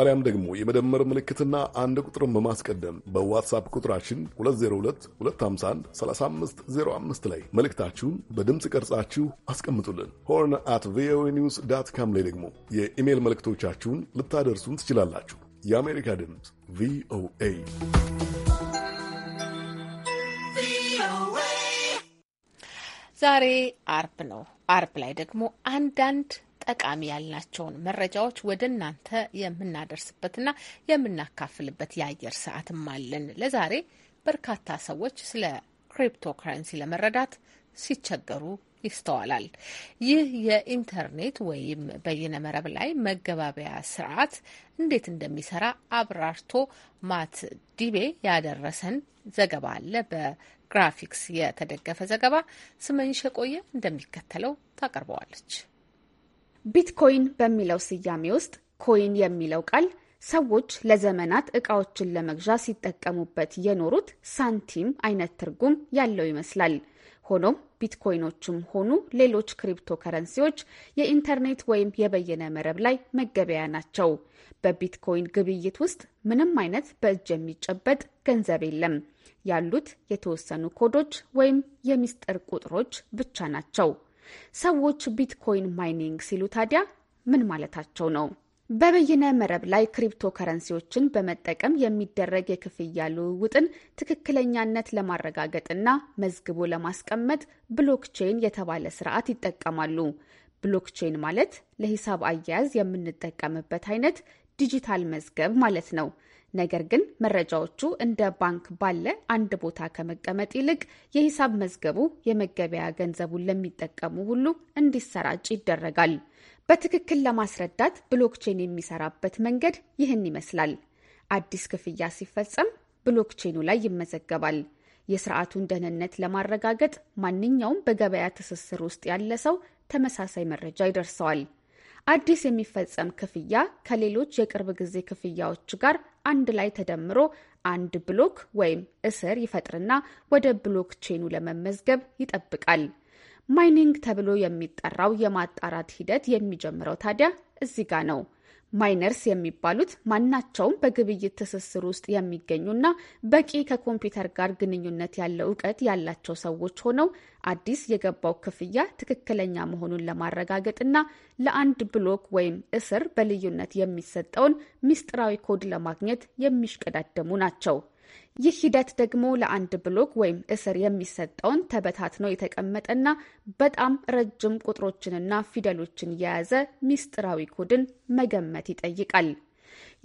አሊያም ደግሞ የመደመር ምልክትና አንድ ቁጥርን በማስቀደም በዋትሳፕ ቁጥራችን 2022513505 ላይ መልእክታችሁን በድምፅ ቀርጻችሁ አስቀምጡልን። ሆርን አት ቪኦኤ ኒውስ ዳት ካም ላይ ደግሞ የኢሜይል መልእክቶቻችሁን ልታደርሱን ትችላላችሁ። የአሜሪካ ድምፅ ቪኦኤ ዛሬ አርብ ነው። አርብ ላይ ደግሞ አንዳንድ ጠቃሚ ያልናቸውን መረጃዎች ወደ እናንተ የምናደርስበትና የምናካፍልበት የአየር ሰዓትም አለን። ለዛሬ በርካታ ሰዎች ስለ ክሪፕቶ ከረንሲ ለመረዳት ሲቸገሩ ይስተዋላል። ይህ የኢንተርኔት ወይም በይነ መረብ ላይ መገባበያ ስርዓት እንዴት እንደሚሰራ አብራርቶ ማት ዲቤ ያደረሰን ዘገባ አለ። በግራፊክስ የተደገፈ ዘገባ ስመኝሽ የቆየ እንደሚከተለው ታቀርበዋለች። ቢትኮይን በሚለው ስያሜ ውስጥ ኮይን የሚለው ቃል ሰዎች ለዘመናት እቃዎችን ለመግዣ ሲጠቀሙበት የኖሩት ሳንቲም አይነት ትርጉም ያለው ይመስላል። ሆኖም ቢትኮይኖችም ሆኑ ሌሎች ክሪፕቶ ከረንሲዎች የኢንተርኔት ወይም የበየነ መረብ ላይ መገበያ ናቸው። በቢትኮይን ግብይት ውስጥ ምንም አይነት በእጅ የሚጨበጥ ገንዘብ የለም። ያሉት የተወሰኑ ኮዶች ወይም የሚስጥር ቁጥሮች ብቻ ናቸው። ሰዎች ቢትኮይን ማይኒንግ ሲሉ ታዲያ ምን ማለታቸው ነው? በበይነ መረብ ላይ ክሪፕቶ ከረንሲዎችን በመጠቀም የሚደረግ የክፍያ ልውውጥን ትክክለኛነት ለማረጋገጥና መዝግቦ ለማስቀመጥ ብሎክቼን የተባለ ስርዓት ይጠቀማሉ። ብሎክቼን ማለት ለሂሳብ አያያዝ የምንጠቀምበት አይነት ዲጂታል መዝገብ ማለት ነው። ነገር ግን መረጃዎቹ እንደ ባንክ ባለ አንድ ቦታ ከመቀመጥ ይልቅ የሂሳብ መዝገቡ የመገበያ ገንዘቡን ለሚጠቀሙ ሁሉ እንዲሰራጭ ይደረጋል። በትክክል ለማስረዳት ብሎክቼን የሚሰራበት መንገድ ይህን ይመስላል። አዲስ ክፍያ ሲፈጸም ብሎክቼኑ ላይ ይመዘገባል። የስርዓቱን ደህንነት ለማረጋገጥ ማንኛውም በገበያ ትስስር ውስጥ ያለ ሰው ተመሳሳይ መረጃ ይደርሰዋል። አዲስ የሚፈጸም ክፍያ ከሌሎች የቅርብ ጊዜ ክፍያዎች ጋር አንድ ላይ ተደምሮ አንድ ብሎክ ወይም እስር ይፈጥርና ወደ ብሎክ ቼኑ ለመመዝገብ ይጠብቃል። ማይኒንግ ተብሎ የሚጠራው የማጣራት ሂደት የሚጀምረው ታዲያ እዚህ ጋ ነው። ማይነርስ የሚባሉት ማናቸውም በግብይት ትስስር ውስጥ የሚገኙና በቂ ከኮምፒውተር ጋር ግንኙነት ያለው እውቀት ያላቸው ሰዎች ሆነው አዲስ የገባው ክፍያ ትክክለኛ መሆኑን ለማረጋገጥና ለአንድ ብሎክ ወይም እስር በልዩነት የሚሰጠውን ምስጢራዊ ኮድ ለማግኘት የሚሽቀዳደሙ ናቸው። ይህ ሂደት ደግሞ ለአንድ ብሎክ ወይም እስር የሚሰጠውን ተበታትኖ የተቀመጠና በጣም ረጅም ቁጥሮችንና ፊደሎችን የያዘ ሚስጥራዊ ኮድን መገመት ይጠይቃል።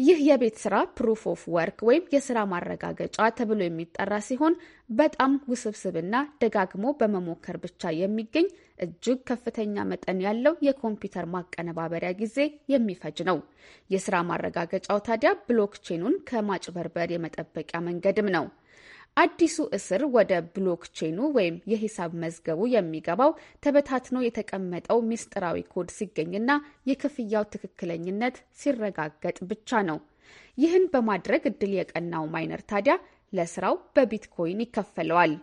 ይህ የቤት ስራ ፕሩፍ ኦፍ ወርክ ወይም የስራ ማረጋገጫ ተብሎ የሚጠራ ሲሆን በጣም ውስብስብና ደጋግሞ በመሞከር ብቻ የሚገኝ እጅግ ከፍተኛ መጠን ያለው የኮምፒውተር ማቀነባበሪያ ጊዜ የሚፈጅ ነው። የስራ ማረጋገጫው ታዲያ ብሎክቼኑን ከማጭበርበር የመጠበቂያ መንገድም ነው። አዲሱ እስር ወደ ብሎክቼኑ ወይም የሂሳብ መዝገቡ የሚገባው ተበታትኖ የተቀመጠው ምስጢራዊ ኮድ ሲገኝና የክፍያው ትክክለኝነት ሲረጋገጥ ብቻ ነው። ይህን በማድረግ እድል የቀናው ማይነር ታዲያ ለስራው በቢትኮይን ይከፈለዋል።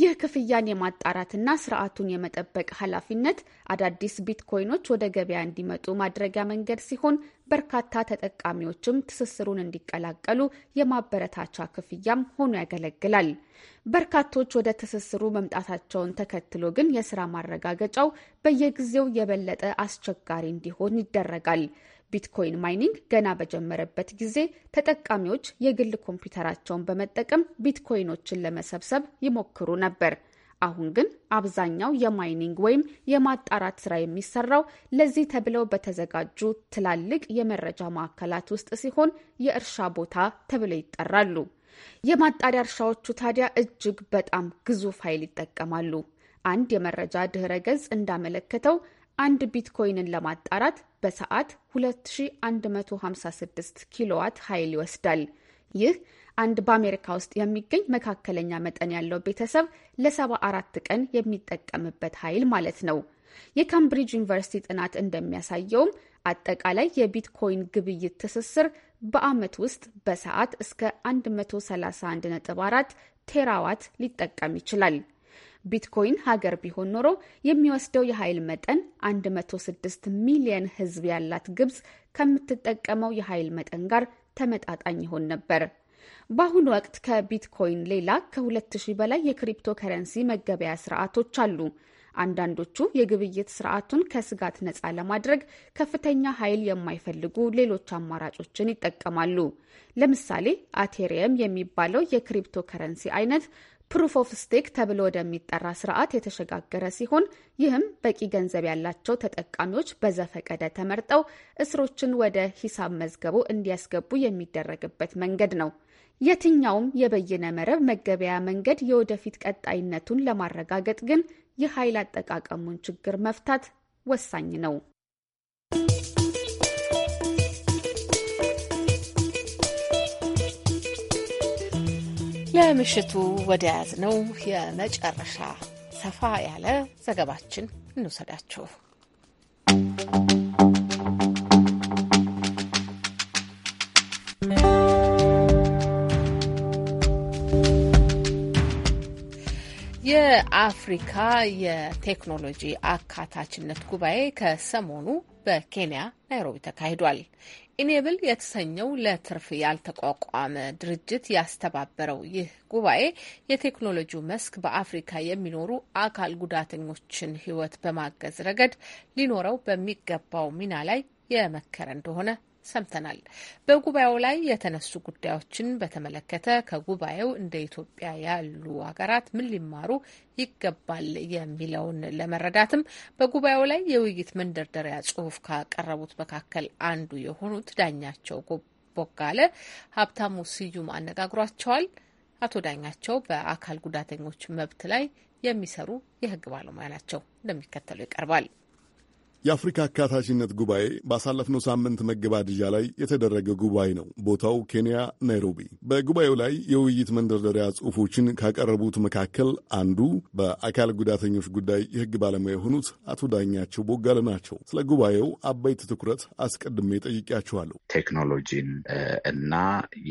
ይህ ክፍያን የማጣራትና ስርዓቱን የመጠበቅ ኃላፊነት አዳዲስ ቢትኮይኖች ወደ ገበያ እንዲመጡ ማድረጊያ መንገድ ሲሆን በርካታ ተጠቃሚዎችም ትስስሩን እንዲቀላቀሉ የማበረታቻ ክፍያም ሆኖ ያገለግላል። በርካቶች ወደ ትስስሩ መምጣታቸውን ተከትሎ ግን የስራ ማረጋገጫው በየጊዜው የበለጠ አስቸጋሪ እንዲሆን ይደረጋል። ቢትኮይን ማይኒንግ ገና በጀመረበት ጊዜ ተጠቃሚዎች የግል ኮምፒውተራቸውን በመጠቀም ቢትኮይኖችን ለመሰብሰብ ይሞክሩ ነበር። አሁን ግን አብዛኛው የማይኒንግ ወይም የማጣራት ስራ የሚሰራው ለዚህ ተብለው በተዘጋጁ ትላልቅ የመረጃ ማዕከላት ውስጥ ሲሆን የእርሻ ቦታ ተብለው ይጠራሉ። የማጣሪያ እርሻዎቹ ታዲያ እጅግ በጣም ግዙፍ ኃይል ይጠቀማሉ። አንድ የመረጃ ድህረ ገጽ እንዳመለከተው አንድ ቢትኮይንን ለማጣራት በሰዓት 2156 ኪሎዋት ኃይል ይወስዳል። ይህ አንድ በአሜሪካ ውስጥ የሚገኝ መካከለኛ መጠን ያለው ቤተሰብ ለ74 ቀን የሚጠቀምበት ኃይል ማለት ነው። የካምብሪጅ ዩኒቨርሲቲ ጥናት እንደሚያሳየውም አጠቃላይ የቢትኮይን ግብይት ትስስር በዓመት ውስጥ በሰዓት እስከ 131.4 ቴራዋት ሊጠቀም ይችላል። ቢትኮይን ሀገር ቢሆን ኖሮ የሚወስደው የኃይል መጠን 106 ሚሊየን ህዝብ ያላት ግብጽ ከምትጠቀመው የኃይል መጠን ጋር ተመጣጣኝ ይሆን ነበር። በአሁኑ ወቅት ከቢትኮይን ሌላ ከ2000 በላይ የክሪፕቶ ከረንሲ መገበያ ስርዓቶች አሉ። አንዳንዶቹ የግብይት ስርዓቱን ከስጋት ነፃ ለማድረግ ከፍተኛ ኃይል የማይፈልጉ ሌሎች አማራጮችን ይጠቀማሉ። ለምሳሌ አቴሪየም የሚባለው የክሪፕቶ ከረንሲ አይነት ፕሩፍ ኦፍ ስቴክ ተብሎ ወደሚጠራ ስርዓት የተሸጋገረ ሲሆን ይህም በቂ ገንዘብ ያላቸው ተጠቃሚዎች በዘፈቀደ ተመርጠው እስሮችን ወደ ሂሳብ መዝገቡ እንዲያስገቡ የሚደረግበት መንገድ ነው። የትኛውም የበይነ መረብ መገበያ መንገድ የወደፊት ቀጣይነቱን ለማረጋገጥ ግን የኃይል አጠቃቀሙን ችግር መፍታት ወሳኝ ነው። ለምሽቱ ወደ ያዝነው የመጨረሻ ሰፋ ያለ ዘገባችን እንውሰዳችሁ። የአፍሪካ የቴክኖሎጂ አካታችነት ጉባኤ ከሰሞኑ በኬንያ ናይሮቢ ተካሂዷል። ኢኔብል የተሰኘው ለትርፍ ያልተቋቋመ ድርጅት ያስተባበረው ይህ ጉባኤ የቴክኖሎጂው መስክ በአፍሪካ የሚኖሩ አካል ጉዳተኞችን ሕይወት በማገዝ ረገድ ሊኖረው በሚገባው ሚና ላይ የመከረ እንደሆነ ሰምተናል። በጉባኤው ላይ የተነሱ ጉዳዮችን በተመለከተ ከጉባኤው እንደ ኢትዮጵያ ያሉ ሀገራት ምን ሊማሩ ይገባል የሚለውን ለመረዳትም በጉባኤው ላይ የውይይት መንደርደሪያ ጽሑፍ ካቀረቡት መካከል አንዱ የሆኑት ዳኛቸው ቦጋለ ሀብታሙ ስዩም አነጋግሯቸዋል። አቶ ዳኛቸው በአካል ጉዳተኞች መብት ላይ የሚሰሩ የህግ ባለሙያ ናቸው። እንደሚከተለው ይቀርባል። የአፍሪካ አካታችነት ጉባኤ ባሳለፍነው ሳምንት መገባደጃ ላይ የተደረገ ጉባኤ ነው። ቦታው ኬንያ ናይሮቢ። በጉባኤው ላይ የውይይት መንደርደሪያ ጽሑፎችን ካቀረቡት መካከል አንዱ በአካል ጉዳተኞች ጉዳይ የሕግ ባለሙያ የሆኑት አቶ ዳኛቸው ቦጋለ ናቸው። ስለ ጉባኤው አበይት ትኩረት አስቀድሜ ጠይቄያችኋለሁ። ቴክኖሎጂን እና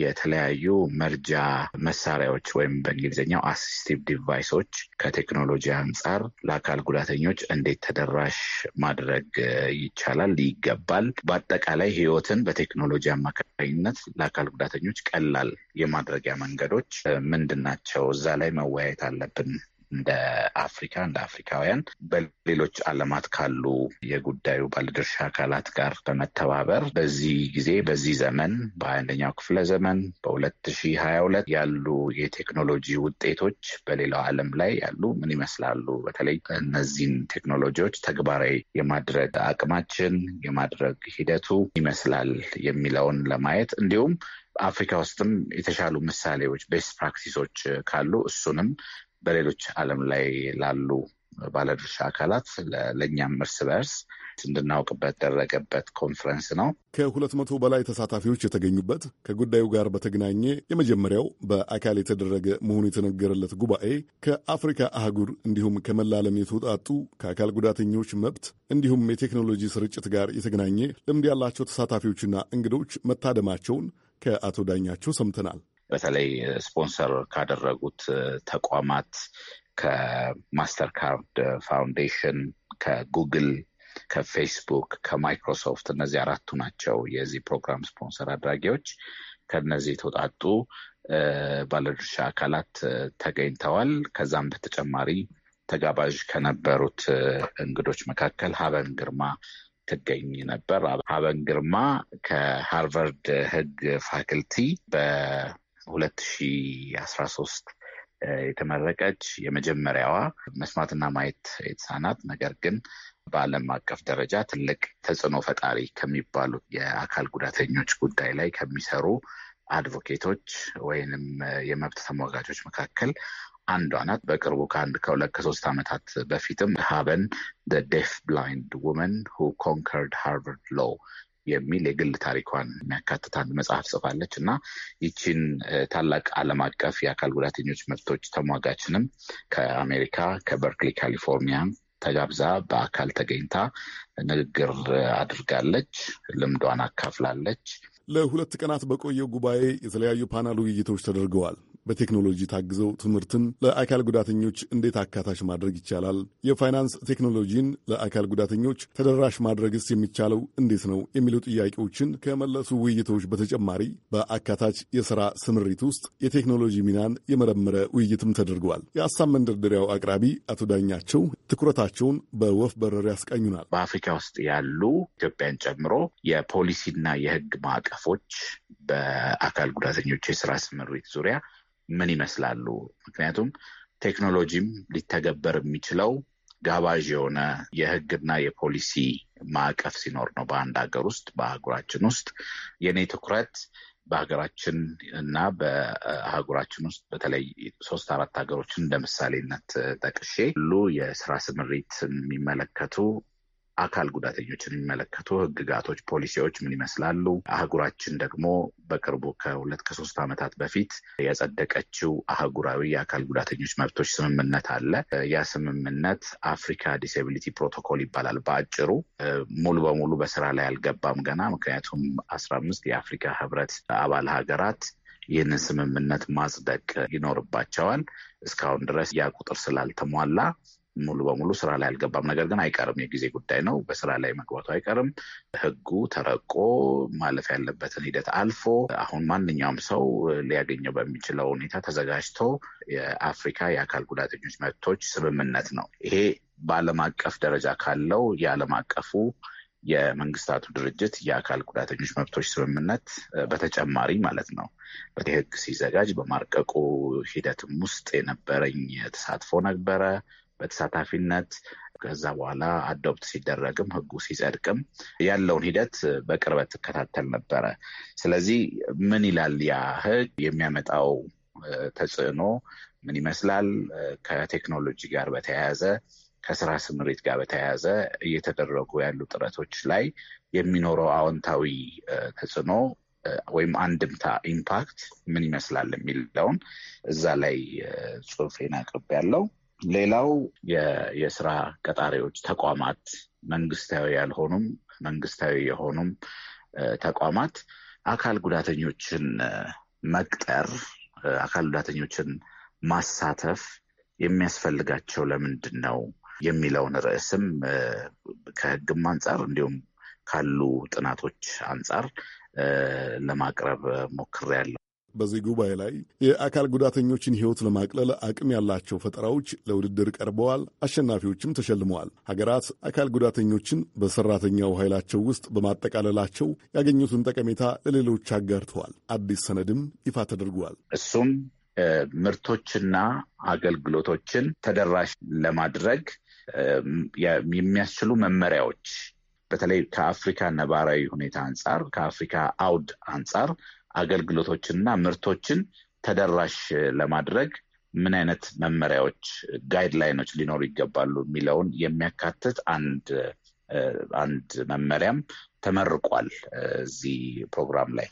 የተለያዩ መርጃ መሳሪያዎች ወይም በእንግሊዝኛው አሲስቲቭ ዲቫይሶች ከቴክኖሎጂ አንጻር ለአካል ጉዳተኞች እንዴት ተደራሽ ማድረግ ማድረግ ይቻላል፣ ይገባል። በአጠቃላይ ህይወትን በቴክኖሎጂ አማካኝነት ለአካል ጉዳተኞች ቀላል የማድረጊያ መንገዶች ምንድን ናቸው? እዛ ላይ መወያየት አለብን እንደ አፍሪካ እንደ አፍሪካውያን በሌሎች ዓለማት ካሉ የጉዳዩ ባለድርሻ አካላት ጋር በመተባበር በዚህ ጊዜ በዚህ ዘመን በአንደኛው ክፍለ ዘመን በሁለት ሺህ ሀያ ሁለት ያሉ የቴክኖሎጂ ውጤቶች በሌላው ዓለም ላይ ያሉ ምን ይመስላሉ? በተለይ እነዚህን ቴክኖሎጂዎች ተግባራዊ የማድረግ አቅማችን የማድረግ ሂደቱ ይመስላል የሚለውን ለማየት እንዲሁም አፍሪካ ውስጥም የተሻሉ ምሳሌዎች ቤስት ፕራክቲሶች ካሉ እሱንም በሌሎች ዓለም ላይ ላሉ ባለድርሻ አካላት ለእኛም እርስ በርስ እንድናውቅበት ደረገበት ኮንፈረንስ ነው። ከሁለት መቶ በላይ ተሳታፊዎች የተገኙበት ከጉዳዩ ጋር በተገናኘ የመጀመሪያው በአካል የተደረገ መሆኑ የተነገረለት ጉባኤ ከአፍሪካ አህጉር እንዲሁም ከመላ ዓለም የተውጣጡ ከአካል ጉዳተኞች መብት እንዲሁም የቴክኖሎጂ ስርጭት ጋር የተገናኘ ልምድ ያላቸው ተሳታፊዎችና እንግዶች መታደማቸውን ከአቶ ዳኛቸው ሰምተናል። በተለይ ስፖንሰር ካደረጉት ተቋማት ከማስተርካርድ ፋውንዴሽን፣ ከጉግል፣ ከፌስቡክ፣ ከማይክሮሶፍት እነዚህ አራቱ ናቸው የዚህ ፕሮግራም ስፖንሰር አድራጊዎች። ከነዚህ የተውጣጡ ባለድርሻ አካላት ተገኝተዋል። ከዛም በተጨማሪ ተጋባዥ ከነበሩት እንግዶች መካከል ሀበን ግርማ ትገኝ ነበር። ሀበን ግርማ ከሃርቨርድ ሕግ ፋክልቲ ሁለት ሺ አስራ ሶስት የተመረቀች የመጀመሪያዋ መስማትና ማየት የተሳናት ነገር ግን በዓለም አቀፍ ደረጃ ትልቅ ተጽዕኖ ፈጣሪ ከሚባሉ የአካል ጉዳተኞች ጉዳይ ላይ ከሚሰሩ አድቮኬቶች ወይንም የመብት ተሟጋቾች መካከል አንዷ ናት። በቅርቡ ከአንድ ከሁለት ከሶስት ዓመታት በፊትም ሀበን ዴፍ ብላይንድ ውመን ሁ ኮንከርድ ሃርቨርድ ሎ የሚል የግል ታሪኳን የሚያካትት አንድ መጽሐፍ ጽፋለች እና ይቺን ታላቅ ዓለም አቀፍ የአካል ጉዳተኞች መብቶች ተሟጋችንም ከአሜሪካ ከበርክሊ ካሊፎርኒያ ተጋብዛ በአካል ተገኝታ ንግግር አድርጋለች። ልምዷን አካፍላለች። ለሁለት ቀናት በቆየው ጉባኤ የተለያዩ ፓናል ውይይቶች ተደርገዋል። በቴክኖሎጂ ታግዘው ትምህርትን ለአካል ጉዳተኞች እንዴት አካታች ማድረግ ይቻላል? የፋይናንስ ቴክኖሎጂን ለአካል ጉዳተኞች ተደራሽ ማድረግስ የሚቻለው እንዴት ነው? የሚሉ ጥያቄዎችን ከመለሱ ውይይቶች በተጨማሪ በአካታች የሥራ ስምሪት ውስጥ የቴክኖሎጂ ሚናን የመረመረ ውይይትም ተደርገዋል። የአሳብ መንደርደሪያው አቅራቢ አቶ ዳኛቸው ትኩረታቸውን በወፍ በረር ያስቃኙናል። በአፍሪካ ውስጥ ያሉ ኢትዮጵያን ጨምሮ የፖሊሲና የሕግ ማዕቀፎች በአካል ጉዳተኞች የስራ ስምሪት ዙሪያ ምን ይመስላሉ? ምክንያቱም ቴክኖሎጂም ሊተገበር የሚችለው ጋባዥ የሆነ የሕግና የፖሊሲ ማዕቀፍ ሲኖር ነው። በአንድ ሀገር ውስጥ በአህጉራችን ውስጥ የእኔ ትኩረት በሀገራችን እና በአህጉራችን ውስጥ በተለይ ሶስት አራት ሀገሮችን እንደ ምሳሌነት ጠቅሼ ሁሉ የስራ ስምሪት የሚመለከቱ አካል ጉዳተኞችን የሚመለከቱ ህግጋቶች፣ ፖሊሲዎች ምን ይመስላሉ? አህጉራችን ደግሞ በቅርቡ ከሁለት ከሶስት ዓመታት በፊት የጸደቀችው አህጉራዊ የአካል ጉዳተኞች መብቶች ስምምነት አለ። ያ ስምምነት አፍሪካ ዲስኤቢሊቲ ፕሮቶኮል ይባላል በአጭሩ። ሙሉ በሙሉ በስራ ላይ አልገባም ገና ምክንያቱም አስራ አምስት የአፍሪካ ህብረት አባል ሀገራት ይህንን ስምምነት ማጽደቅ ይኖርባቸዋል። እስካሁን ድረስ ያ ቁጥር ስላልተሟላ ሙሉ በሙሉ ስራ ላይ አልገባም። ነገር ግን አይቀርም፣ የጊዜ ጉዳይ ነው። በስራ ላይ መግባቱ አይቀርም። ህጉ ተረቆ ማለፍ ያለበትን ሂደት አልፎ አሁን ማንኛውም ሰው ሊያገኘው በሚችለው ሁኔታ ተዘጋጅቶ የአፍሪካ የአካል ጉዳተኞች መብቶች ስምምነት ነው። ይሄ በዓለም አቀፍ ደረጃ ካለው የዓለም አቀፉ የመንግስታቱ ድርጅት የአካል ጉዳተኞች መብቶች ስምምነት በተጨማሪ ማለት ነው። ህግ ሲዘጋጅ በማርቀቁ ሂደትም ውስጥ የነበረኝ ተሳትፎ ነበረ። በተሳታፊነት ከዛ በኋላ አዶፕት ሲደረግም ህጉ ሲጸድቅም ያለውን ሂደት በቅርበት ትከታተል ነበረ። ስለዚህ ምን ይላል ያ ህግ የሚያመጣው ተጽዕኖ ምን ይመስላል? ከቴክኖሎጂ ጋር በተያያዘ ከስራ ስምሪት ጋር በተያያዘ እየተደረጉ ያሉ ጥረቶች ላይ የሚኖረው አዎንታዊ ተጽዕኖ ወይም አንድምታ ኢምፓክት ምን ይመስላል የሚለውን እዛ ላይ ጽሁፌን ያለው ሌላው የስራ ቀጣሪዎች ተቋማት፣ መንግስታዊ ያልሆኑም መንግስታዊ የሆኑም ተቋማት አካል ጉዳተኞችን መቅጠር፣ አካል ጉዳተኞችን ማሳተፍ የሚያስፈልጋቸው ለምንድን ነው የሚለውን ርዕስም ከህግም አንጻር እንዲሁም ካሉ ጥናቶች አንጻር ለማቅረብ ያለው በዚህ ጉባኤ ላይ የአካል ጉዳተኞችን ሕይወት ለማቅለል አቅም ያላቸው ፈጠራዎች ለውድድር ቀርበዋል። አሸናፊዎችም ተሸልመዋል። ሀገራት አካል ጉዳተኞችን በሰራተኛው ኃይላቸው ውስጥ በማጠቃለላቸው ያገኙትን ጠቀሜታ ለሌሎች አጋርተዋል። አዲስ ሰነድም ይፋ ተደርጓል። እሱም ምርቶችና አገልግሎቶችን ተደራሽ ለማድረግ የሚያስችሉ መመሪያዎች በተለይ ከአፍሪካ ነባራዊ ሁኔታ አንጻር ከአፍሪካ አውድ አንጻር አገልግሎቶችና ምርቶችን ተደራሽ ለማድረግ ምን አይነት መመሪያዎች ጋይድላይኖች ሊኖሩ ይገባሉ የሚለውን የሚያካትት አንድ አንድ መመሪያም ተመርቋል እዚህ ፕሮግራም ላይ።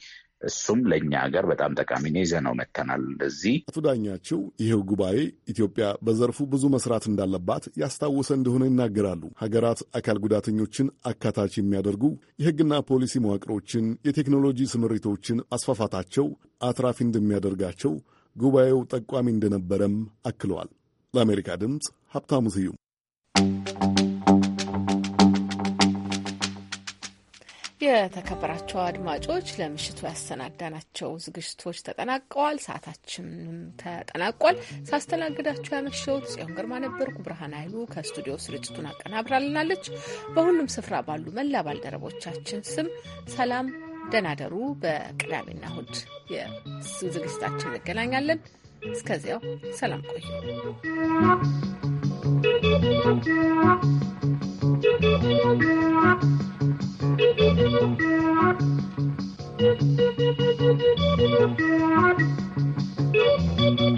እሱም ለእኛ ሀገር በጣም ጠቃሚ ነው፣ ይዘነው መተናል። እንደዚህ አቶ ዳኛቸው፣ ይህው ጉባኤ ኢትዮጵያ በዘርፉ ብዙ መስራት እንዳለባት ያስታወሰ እንደሆነ ይናገራሉ። ሀገራት አካል ጉዳተኞችን አካታች የሚያደርጉ የህግና ፖሊሲ መዋቅሮችን፣ የቴክኖሎጂ ስምሪቶችን ማስፋፋታቸው አትራፊ እንደሚያደርጋቸው ጉባኤው ጠቋሚ እንደነበረም አክለዋል። ለአሜሪካ ድምፅ ሀብታሙ ስዩም የተከበራቸው አድማጮች ለምሽቱ ያሰናዳናቸው ዝግጅቶች ተጠናቀዋል። ሰዓታችንም ተጠናቋል። ሳስተናግዳችሁ ያመሸሁት ጽዮን ግርማ ነበርኩ። ብርሃን ኃይሉ ከስቱዲዮ ስርጭቱን አቀናብራልናለች። በሁሉም ስፍራ ባሉ መላ ባልደረቦቻችን ስም ሰላም፣ ደናደሩ በቅዳሜና እሁድ ዝግጅታችን እንገናኛለን። እስከዚያው ሰላም ቆዩ። Thank you.